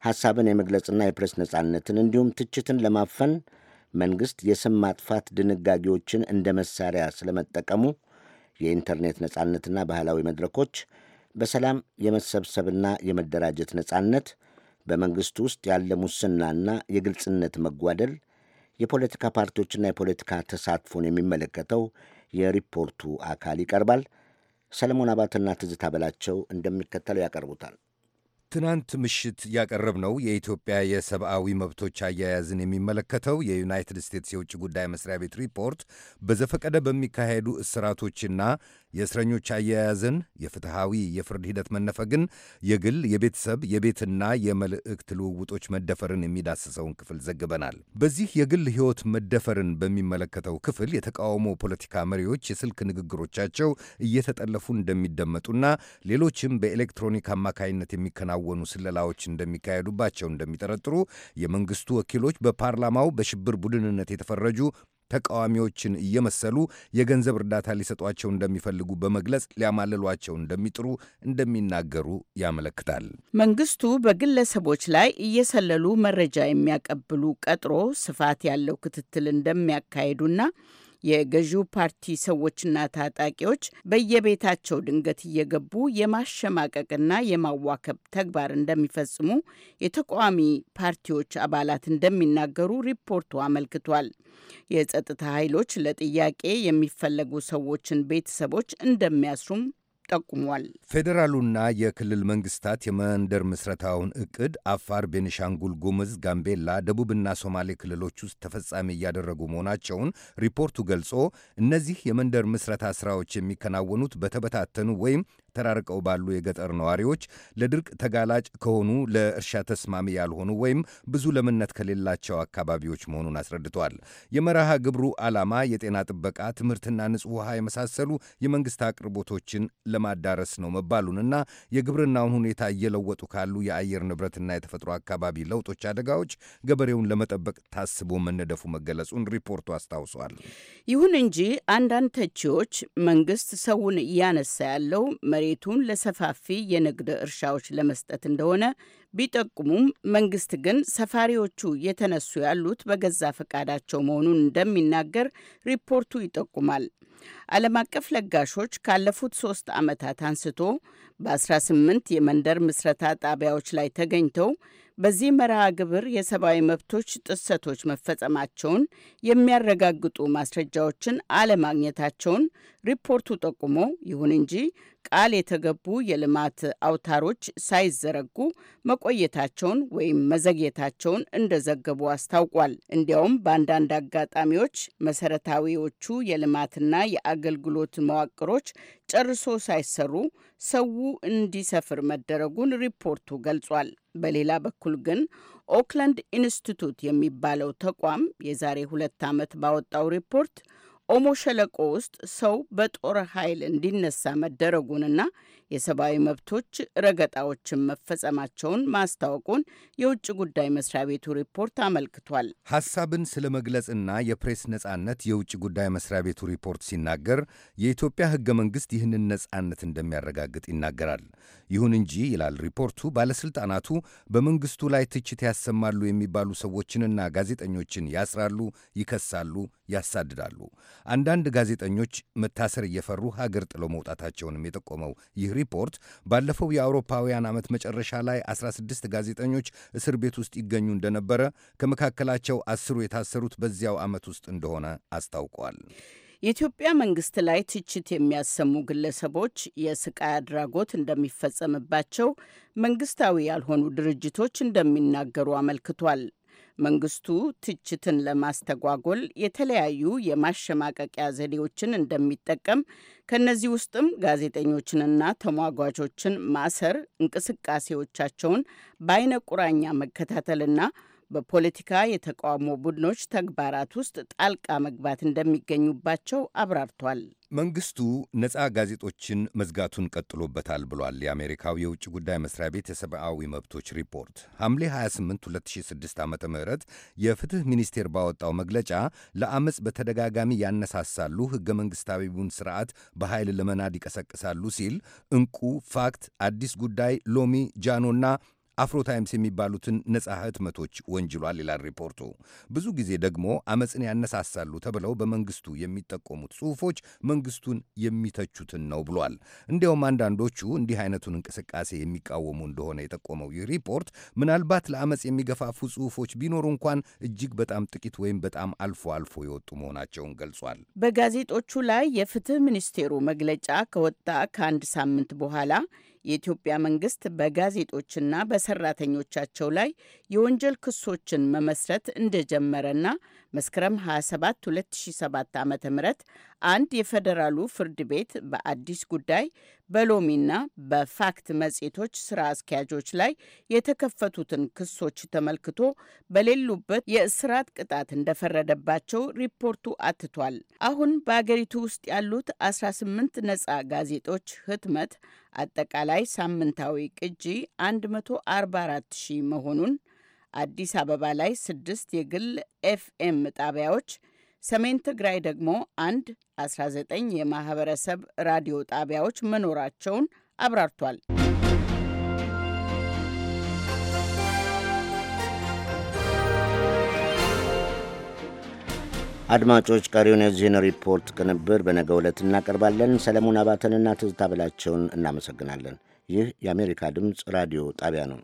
ሐሳብን የመግለጽና የፕሬስ ነጻነትን እንዲሁም ትችትን ለማፈን መንግሥት የስም ማጥፋት ድንጋጌዎችን እንደ መሳሪያ ስለመጠቀሙ፣ የኢንተርኔት ነጻነትና ባህላዊ መድረኮች፣ በሰላም የመሰብሰብና የመደራጀት ነጻነት በመንግስት ውስጥ ያለ ሙስናና የግልጽነት መጓደል የፖለቲካ ፓርቲዎችና የፖለቲካ ተሳትፎን የሚመለከተው የሪፖርቱ አካል ይቀርባል። ሰለሞን አባትና ትዝታ በላቸው እንደሚከተለው ያቀርቡታል። ትናንት ምሽት ያቀረብነው የኢትዮጵያ የሰብአዊ መብቶች አያያዝን የሚመለከተው የዩናይትድ ስቴትስ የውጭ ጉዳይ መስሪያ ቤት ሪፖርት በዘፈቀደ በሚካሄዱ እስራቶችና የእስረኞች አያያዝን፣ የፍትሐዊ የፍርድ ሂደት መነፈግን፣ የግል የቤተሰብ የቤትና የመልእክት ልውውጦች መደፈርን የሚዳስሰውን ክፍል ዘግበናል። በዚህ የግል ሕይወት መደፈርን በሚመለከተው ክፍል የተቃውሞ ፖለቲካ መሪዎች የስልክ ንግግሮቻቸው እየተጠለፉ እንደሚደመጡና ሌሎችም በኤሌክትሮኒክ አማካይነት የሚከናወ የተከናወኑ ስለላዎች እንደሚካሄዱባቸው እንደሚጠረጥሩ የመንግስቱ ወኪሎች በፓርላማው በሽብር ቡድንነት የተፈረጁ ተቃዋሚዎችን እየመሰሉ የገንዘብ እርዳታ ሊሰጧቸው እንደሚፈልጉ በመግለጽ ሊያማልሏቸው እንደሚጥሩ እንደሚናገሩ ያመለክታል። መንግስቱ በግለሰቦች ላይ እየሰለሉ መረጃ የሚያቀብሉ ቀጥሮ ስፋት ያለው ክትትል እንደሚያካሄዱና የገዢው ፓርቲ ሰዎችና ታጣቂዎች በየቤታቸው ድንገት እየገቡ የማሸማቀቅና የማዋከብ ተግባር እንደሚፈጽሙ የተቃዋሚ ፓርቲዎች አባላት እንደሚናገሩ ሪፖርቱ አመልክቷል። የጸጥታ ኃይሎች ለጥያቄ የሚፈለጉ ሰዎችን ቤተሰቦች እንደሚያስሩም ጠቁሟል። ፌዴራሉና የክልል መንግስታት የመንደር ምስረታውን እቅድ አፋር፣ ቤኒሻንጉል ጉምዝ፣ ጋምቤላ፣ ደቡብና ሶማሌ ክልሎች ውስጥ ተፈጻሚ እያደረጉ መሆናቸውን ሪፖርቱ ገልጾ እነዚህ የመንደር ምስረታ ስራዎች የሚከናወኑት በተበታተኑ ወይም ተራርቀው ባሉ የገጠር ነዋሪዎች ለድርቅ ተጋላጭ ከሆኑ ለእርሻ ተስማሚ ያልሆኑ ወይም ብዙ ለምነት ከሌላቸው አካባቢዎች መሆኑን አስረድቷል። የመርሃ ግብሩ ዓላማ የጤና ጥበቃ፣ ትምህርትና ንጹህ ውሃ የመሳሰሉ የመንግስት አቅርቦቶችን ለማዳረስ ነው መባሉንና የግብርናውን ሁኔታ እየለወጡ ካሉ የአየር ንብረትና የተፈጥሮ አካባቢ ለውጦች አደጋዎች ገበሬውን ለመጠበቅ ታስቦ መነደፉ መገለጹን ሪፖርቱ አስታውሷል። ይሁን እንጂ አንዳንድ ተቺዎች መንግስት ሰውን እያነሳ ያለው መሬ መሬቱን ለሰፋፊ የንግድ እርሻዎች ለመስጠት እንደሆነ ቢጠቁሙም መንግስት ግን ሰፋሪዎቹ የተነሱ ያሉት በገዛ ፈቃዳቸው መሆኑን እንደሚናገር ሪፖርቱ ይጠቁማል። ዓለም አቀፍ ለጋሾች ካለፉት ሶስት ዓመታት አንስቶ በ18 የመንደር ምስረታ ጣቢያዎች ላይ ተገኝተው በዚህ መርሃ ግብር የሰብአዊ መብቶች ጥሰቶች መፈጸማቸውን የሚያረጋግጡ ማስረጃዎችን አለማግኘታቸውን ሪፖርቱ ጠቁሞ፣ ይሁን እንጂ ቃል የተገቡ የልማት አውታሮች ሳይዘረጉ መቆየታቸውን ወይም መዘግየታቸውን እንደዘገቡ አስታውቋል። እንዲያውም በአንዳንድ አጋጣሚዎች መሰረታዊዎቹ የልማትና የአገልግሎት መዋቅሮች ጨርሶ ሳይሰሩ ሰው እንዲሰፍር መደረጉን ሪፖርቱ ገልጿል። በሌላ በኩል ግን ኦክላንድ ኢንስቲቱት የሚባለው ተቋም የዛሬ ሁለት ዓመት ባወጣው ሪፖርት ኦሞ ሸለቆ ውስጥ ሰው በጦር ኃይል እንዲነሳ መደረጉንና የሰብአዊ መብቶች ረገጣዎችን መፈጸማቸውን ማስታወቁን የውጭ ጉዳይ መስሪያ ቤቱ ሪፖርት አመልክቷል። ሐሳብን ስለ መግለጽና የፕሬስ ነጻነት የውጭ ጉዳይ መስሪያ ቤቱ ሪፖርት ሲናገር የኢትዮጵያ ሕገ መንግሥት ይህንን ነጻነት እንደሚያረጋግጥ ይናገራል። ይሁን እንጂ ይላል ሪፖርቱ፣ ባለሥልጣናቱ በመንግሥቱ ላይ ትችት ያሰማሉ የሚባሉ ሰዎችንና ጋዜጠኞችን ያስራሉ፣ ይከሳሉ፣ ያሳድዳሉ። አንዳንድ ጋዜጠኞች መታሰር እየፈሩ ሀገር ጥለው መውጣታቸውንም የጠቆመው ይህ ሪፖርት ባለፈው የአውሮፓውያን ዓመት መጨረሻ ላይ 16 ጋዜጠኞች እስር ቤት ውስጥ ይገኙ እንደነበረ፣ ከመካከላቸው አስሩ የታሰሩት በዚያው ዓመት ውስጥ እንደሆነ አስታውቋል። የኢትዮጵያ መንግስት ላይ ትችት የሚያሰሙ ግለሰቦች የስቃይ አድራጎት እንደሚፈጸምባቸው መንግስታዊ ያልሆኑ ድርጅቶች እንደሚናገሩ አመልክቷል። መንግስቱ ትችትን ለማስተጓጎል የተለያዩ የማሸማቀቂያ ዘዴዎችን እንደሚጠቀም ከነዚህ ውስጥም ጋዜጠኞችንና ተሟጓቾችን ማሰር፣ እንቅስቃሴዎቻቸውን በአይነ ቁራኛ መከታተልና በፖለቲካ የተቃውሞ ቡድኖች ተግባራት ውስጥ ጣልቃ መግባት እንደሚገኙባቸው አብራርቷል። መንግስቱ ነጻ ጋዜጦችን መዝጋቱን ቀጥሎበታል ብሏል። የአሜሪካው የውጭ ጉዳይ መስሪያ ቤት የሰብአዊ መብቶች ሪፖርት ሐምሌ 28 2006 ዓ ም የፍትህ ሚኒስቴር ባወጣው መግለጫ ለአመፅ በተደጋጋሚ ያነሳሳሉ፣ ህገ መንግሥታዊውን ስርዓት በኃይል ለመናድ ይቀሰቅሳሉ ሲል እንቁ፣ ፋክት፣ አዲስ ጉዳይ፣ ሎሚ፣ ጃኖና አፍሮ ታይምስ የሚባሉትን ነጻ ህትመቶች ወንጅሏል ይላል ሪፖርቱ። ብዙ ጊዜ ደግሞ አመፅን ያነሳሳሉ ተብለው በመንግስቱ የሚጠቆሙት ጽሁፎች መንግስቱን የሚተቹትን ነው ብሏል። እንዲያውም አንዳንዶቹ እንዲህ አይነቱን እንቅስቃሴ የሚቃወሙ እንደሆነ የጠቆመው ይህ ሪፖርት ምናልባት ለአመፅ የሚገፋፉ ጽሁፎች ቢኖሩ እንኳን እጅግ በጣም ጥቂት ወይም በጣም አልፎ አልፎ የወጡ መሆናቸውን ገልጿል። በጋዜጦቹ ላይ የፍትህ ሚኒስቴሩ መግለጫ ከወጣ ከአንድ ሳምንት በኋላ የኢትዮጵያ መንግስት በጋዜጦችና በሰራተኞቻቸው ላይ የወንጀል ክሶችን መመስረት እንደጀመረና መስከረም 27 2007 ም አንድ የፌዴራሉ ፍርድ ቤት በአዲስ ጉዳይ በሎሚና በፋክት መጽሔቶች ስራ አስኪያጆች ላይ የተከፈቱትን ክሶች ተመልክቶ በሌሉበት የእስራት ቅጣት እንደፈረደባቸው ሪፖርቱ አትቷል። አሁን በአገሪቱ ውስጥ ያሉት 18 ነጻ ጋዜጦች ህትመት አጠቃላይ ሳምንታዊ ቅጂ 144 ሺህ መሆኑን አዲስ አበባ ላይ ስድስት የግል ኤፍኤም ጣቢያዎች ሰሜን ትግራይ ደግሞ አንድ 19 የማህበረሰብ ራዲዮ ጣቢያዎች መኖራቸውን አብራርቷል። አድማጮች ቀሪውን የዚህን ሪፖርት ቅንብር በነገ ዕለት እናቀርባለን። ሰለሞን አባተንና ትዝታ ብላቸውን እናመሰግናለን። ይህ የአሜሪካ ድምፅ ራዲዮ ጣቢያ ነው።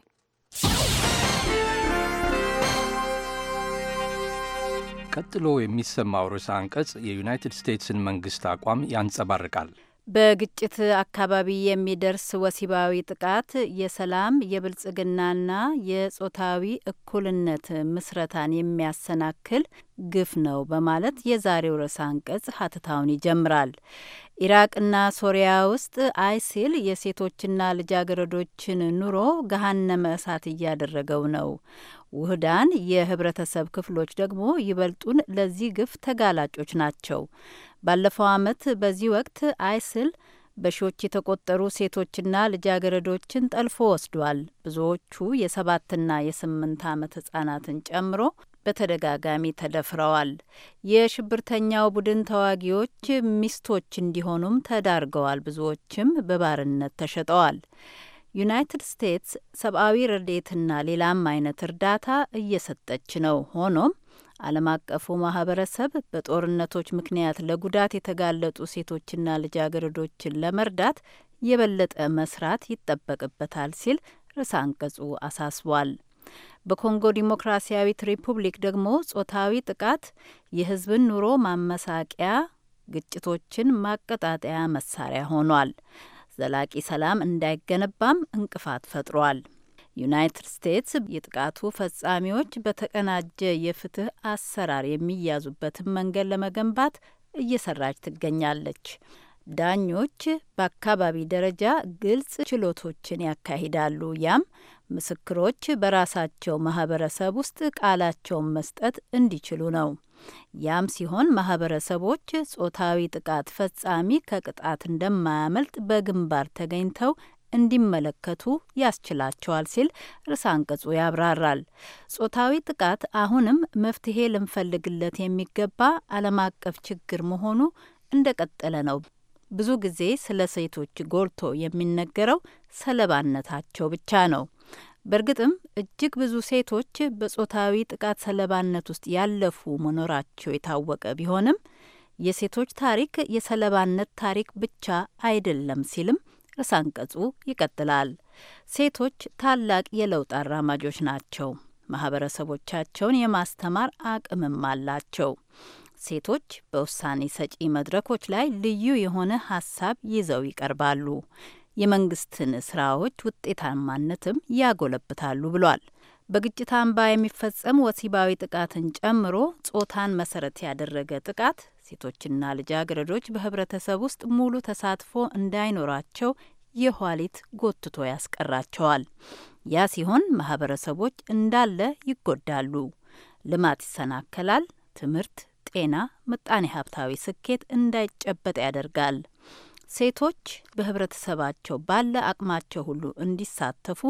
ቀጥሎ የሚሰማው ርዕሰ አንቀጽ የዩናይትድ ስቴትስን መንግስት አቋም ያንጸባርቃል። በግጭት አካባቢ የሚደርስ ወሲባዊ ጥቃት የሰላም የብልጽግናና የጾታዊ እኩልነት ምስረታን የሚያሰናክል ግፍ ነው በማለት የዛሬው ርዕሰ አንቀጽ ሀተታውን ይጀምራል። ኢራቅና ሶሪያ ውስጥ አይሲል የሴቶችና ልጃገረዶችን ኑሮ ገሃነመ እሳት እያደረገው ነው። ውህዳን የህብረተሰብ ክፍሎች ደግሞ ይበልጡን ለዚህ ግፍ ተጋላጮች ናቸው። ባለፈው አመት በዚህ ወቅት አይስል በሺዎች የተቆጠሩ ሴቶችና ልጃገረዶችን ጠልፎ ወስዷል። ብዙዎቹ የሰባትና የስምንት አመት ህጻናትን ጨምሮ በተደጋጋሚ ተደፍረዋል። የሽብርተኛው ቡድን ተዋጊዎች ሚስቶች እንዲሆኑም ተዳርገዋል። ብዙዎችም በባርነት ተሸጠዋል። ዩናይትድ ስቴትስ ሰብአዊ ረዴትና ሌላም አይነት እርዳታ እየሰጠች ነው። ሆኖም ዓለም አቀፉ ማህበረሰብ በጦርነቶች ምክንያት ለጉዳት የተጋለጡ ሴቶችና ልጃገረዶችን ለመርዳት የበለጠ መስራት ይጠበቅበታል ሲል ርዕሰ አንቀጹ አሳስቧል። በኮንጎ ዲሞክራሲያዊት ሪፑብሊክ ደግሞ ጾታዊ ጥቃት የህዝብን ኑሮ ማመሳቂያ፣ ግጭቶችን ማቀጣጠያ መሳሪያ ሆኗል። ዘላቂ ሰላም እንዳይገነባም እንቅፋት ፈጥሯል። ዩናይትድ ስቴትስ የጥቃቱ ፈጻሚዎች በተቀናጀ የፍትህ አሰራር የሚያዙበትን መንገድ ለመገንባት እየሰራች ትገኛለች። ዳኞች በአካባቢ ደረጃ ግልጽ ችሎቶችን ያካሂዳሉ። ያም ምስክሮች በራሳቸው ማህበረሰብ ውስጥ ቃላቸውን መስጠት እንዲችሉ ነው። ያም ሲሆን ማህበረሰቦች ጾታዊ ጥቃት ፈጻሚ ከቅጣት እንደማያመልጥ በግንባር ተገኝተው እንዲመለከቱ ያስችላቸዋል ሲል ርዕሰ አንቀጹ ያብራራል። ጾታዊ ጥቃት አሁንም መፍትሄ ልንፈልግለት የሚገባ ዓለም አቀፍ ችግር መሆኑ እንደቀጠለ ነው። ብዙ ጊዜ ስለ ሴቶች ጎልቶ የሚነገረው ሰለባነታቸው ብቻ ነው። በእርግጥም እጅግ ብዙ ሴቶች በጾታዊ ጥቃት ሰለባነት ውስጥ ያለፉ መኖራቸው የታወቀ ቢሆንም የሴቶች ታሪክ የሰለባነት ታሪክ ብቻ አይደለም ሲልም ርዕሰ አንቀጹ ይቀጥላል። ሴቶች ታላቅ የለውጥ አራማጆች ናቸው። ማህበረሰቦቻቸውን የማስተማር አቅምም አላቸው። ሴቶች በውሳኔ ሰጪ መድረኮች ላይ ልዩ የሆነ ሀሳብ ይዘው ይቀርባሉ። የመንግስትን ስራዎች ውጤታማነትም ያጎለብታሉ ብሏል። በግጭት አምባ የሚፈጸም ወሲባዊ ጥቃትን ጨምሮ ጾታን መሰረት ያደረገ ጥቃት ሴቶችና ልጃገረዶች በህብረተሰብ ውስጥ ሙሉ ተሳትፎ እንዳይኖራቸው የኋሊት ጎትቶ ያስቀራቸዋል። ያ ሲሆን ማህበረሰቦች እንዳለ ይጎዳሉ። ልማት ይሰናከላል። ትምህርት፣ ጤና፣ ምጣኔ ሀብታዊ ስኬት እንዳይጨበጥ ያደርጋል። ሴቶች በህብረተሰባቸው ባለ አቅማቸው ሁሉ እንዲሳተፉ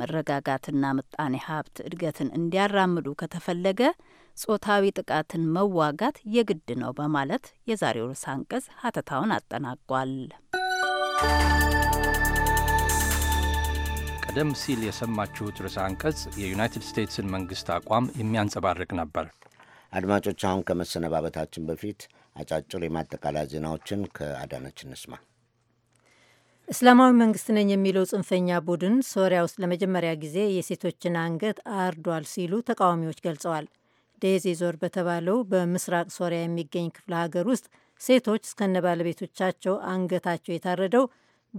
መረጋጋትና ምጣኔ ሀብት እድገትን እንዲያራምዱ ከተፈለገ ጾታዊ ጥቃትን መዋጋት የግድ ነው በማለት የዛሬው ርዕሰ አንቀጽ ሀተታውን አጠናቋል። ቀደም ሲል የሰማችሁት ርዕሰ አንቀጽ የዩናይትድ ስቴትስን መንግስት አቋም የሚያንጸባርቅ ነበር። አድማጮች፣ አሁን ከመሰነባበታችን በፊት አጫጭር የማጠቃለያ ዜናዎችን ከአዳነች እንስማ። እስላማዊ መንግስት ነኝ የሚለው ጽንፈኛ ቡድን ሶሪያ ውስጥ ለመጀመሪያ ጊዜ የሴቶችን አንገት አርዷል ሲሉ ተቃዋሚዎች ገልጸዋል። ደዜ ዞር በተባለው በምስራቅ ሶሪያ የሚገኝ ክፍለ ሀገር ውስጥ ሴቶች እስከነ ባለቤቶቻቸው አንገታቸው የታረደው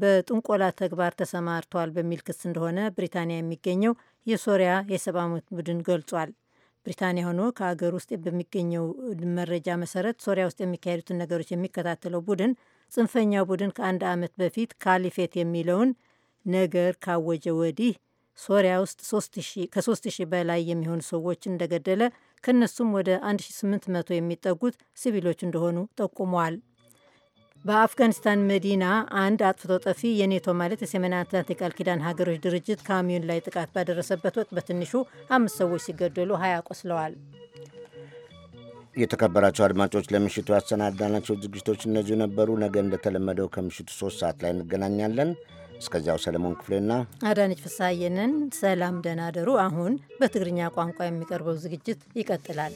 በጥንቆላ ተግባር ተሰማርተዋል በሚል ክስ እንደሆነ ብሪታንያ የሚገኘው የሶሪያ የሰብአዊ መብት ቡድን ገልጿል። ብሪታንያ ሆኖ ከሀገር ውስጥ በሚገኘው መረጃ መሰረት ሶሪያ ውስጥ የሚካሄዱትን ነገሮች የሚከታተለው ቡድን ጽንፈኛው ቡድን ከአንድ ዓመት በፊት ካሊፌት የሚለውን ነገር ካወጀ ወዲህ ሶሪያ ውስጥ ከሶስት ሺህ በላይ የሚሆኑ ሰዎች እንደገደለ ከእነሱም ወደ መቶ የሚጠጉት ሲቪሎች እንደሆኑ ጠቁመዋል። በአፍጋኒስታን መዲና አንድ አጥፍቶ ጠፊ የኔቶ ማለት የሰሜን አትላንቲክ ቃል ኪዳን ሀገሮች ድርጅት ካሚዮን ላይ ጥቃት ባደረሰበት ወቅት በትንሹ አምስት ሰዎች ሲገደሉ ሀያ ቆስለዋል። የተከበራቸው አድማጮች ለምሽቱ ያሰናዳናቸው ዝግጅቶች እነዚሁ ነበሩ። ነገ እንደተለመደው ከምሽቱ ሶስት ሰዓት ላይ እንገናኛለን። እስከዚያው ሰለሞን ክፍሌና አዳነች ፍሳየንን ሰላም ደህና ደሩ። አሁን በትግርኛ ቋንቋ የሚቀርበው ዝግጅት ይቀጥላል።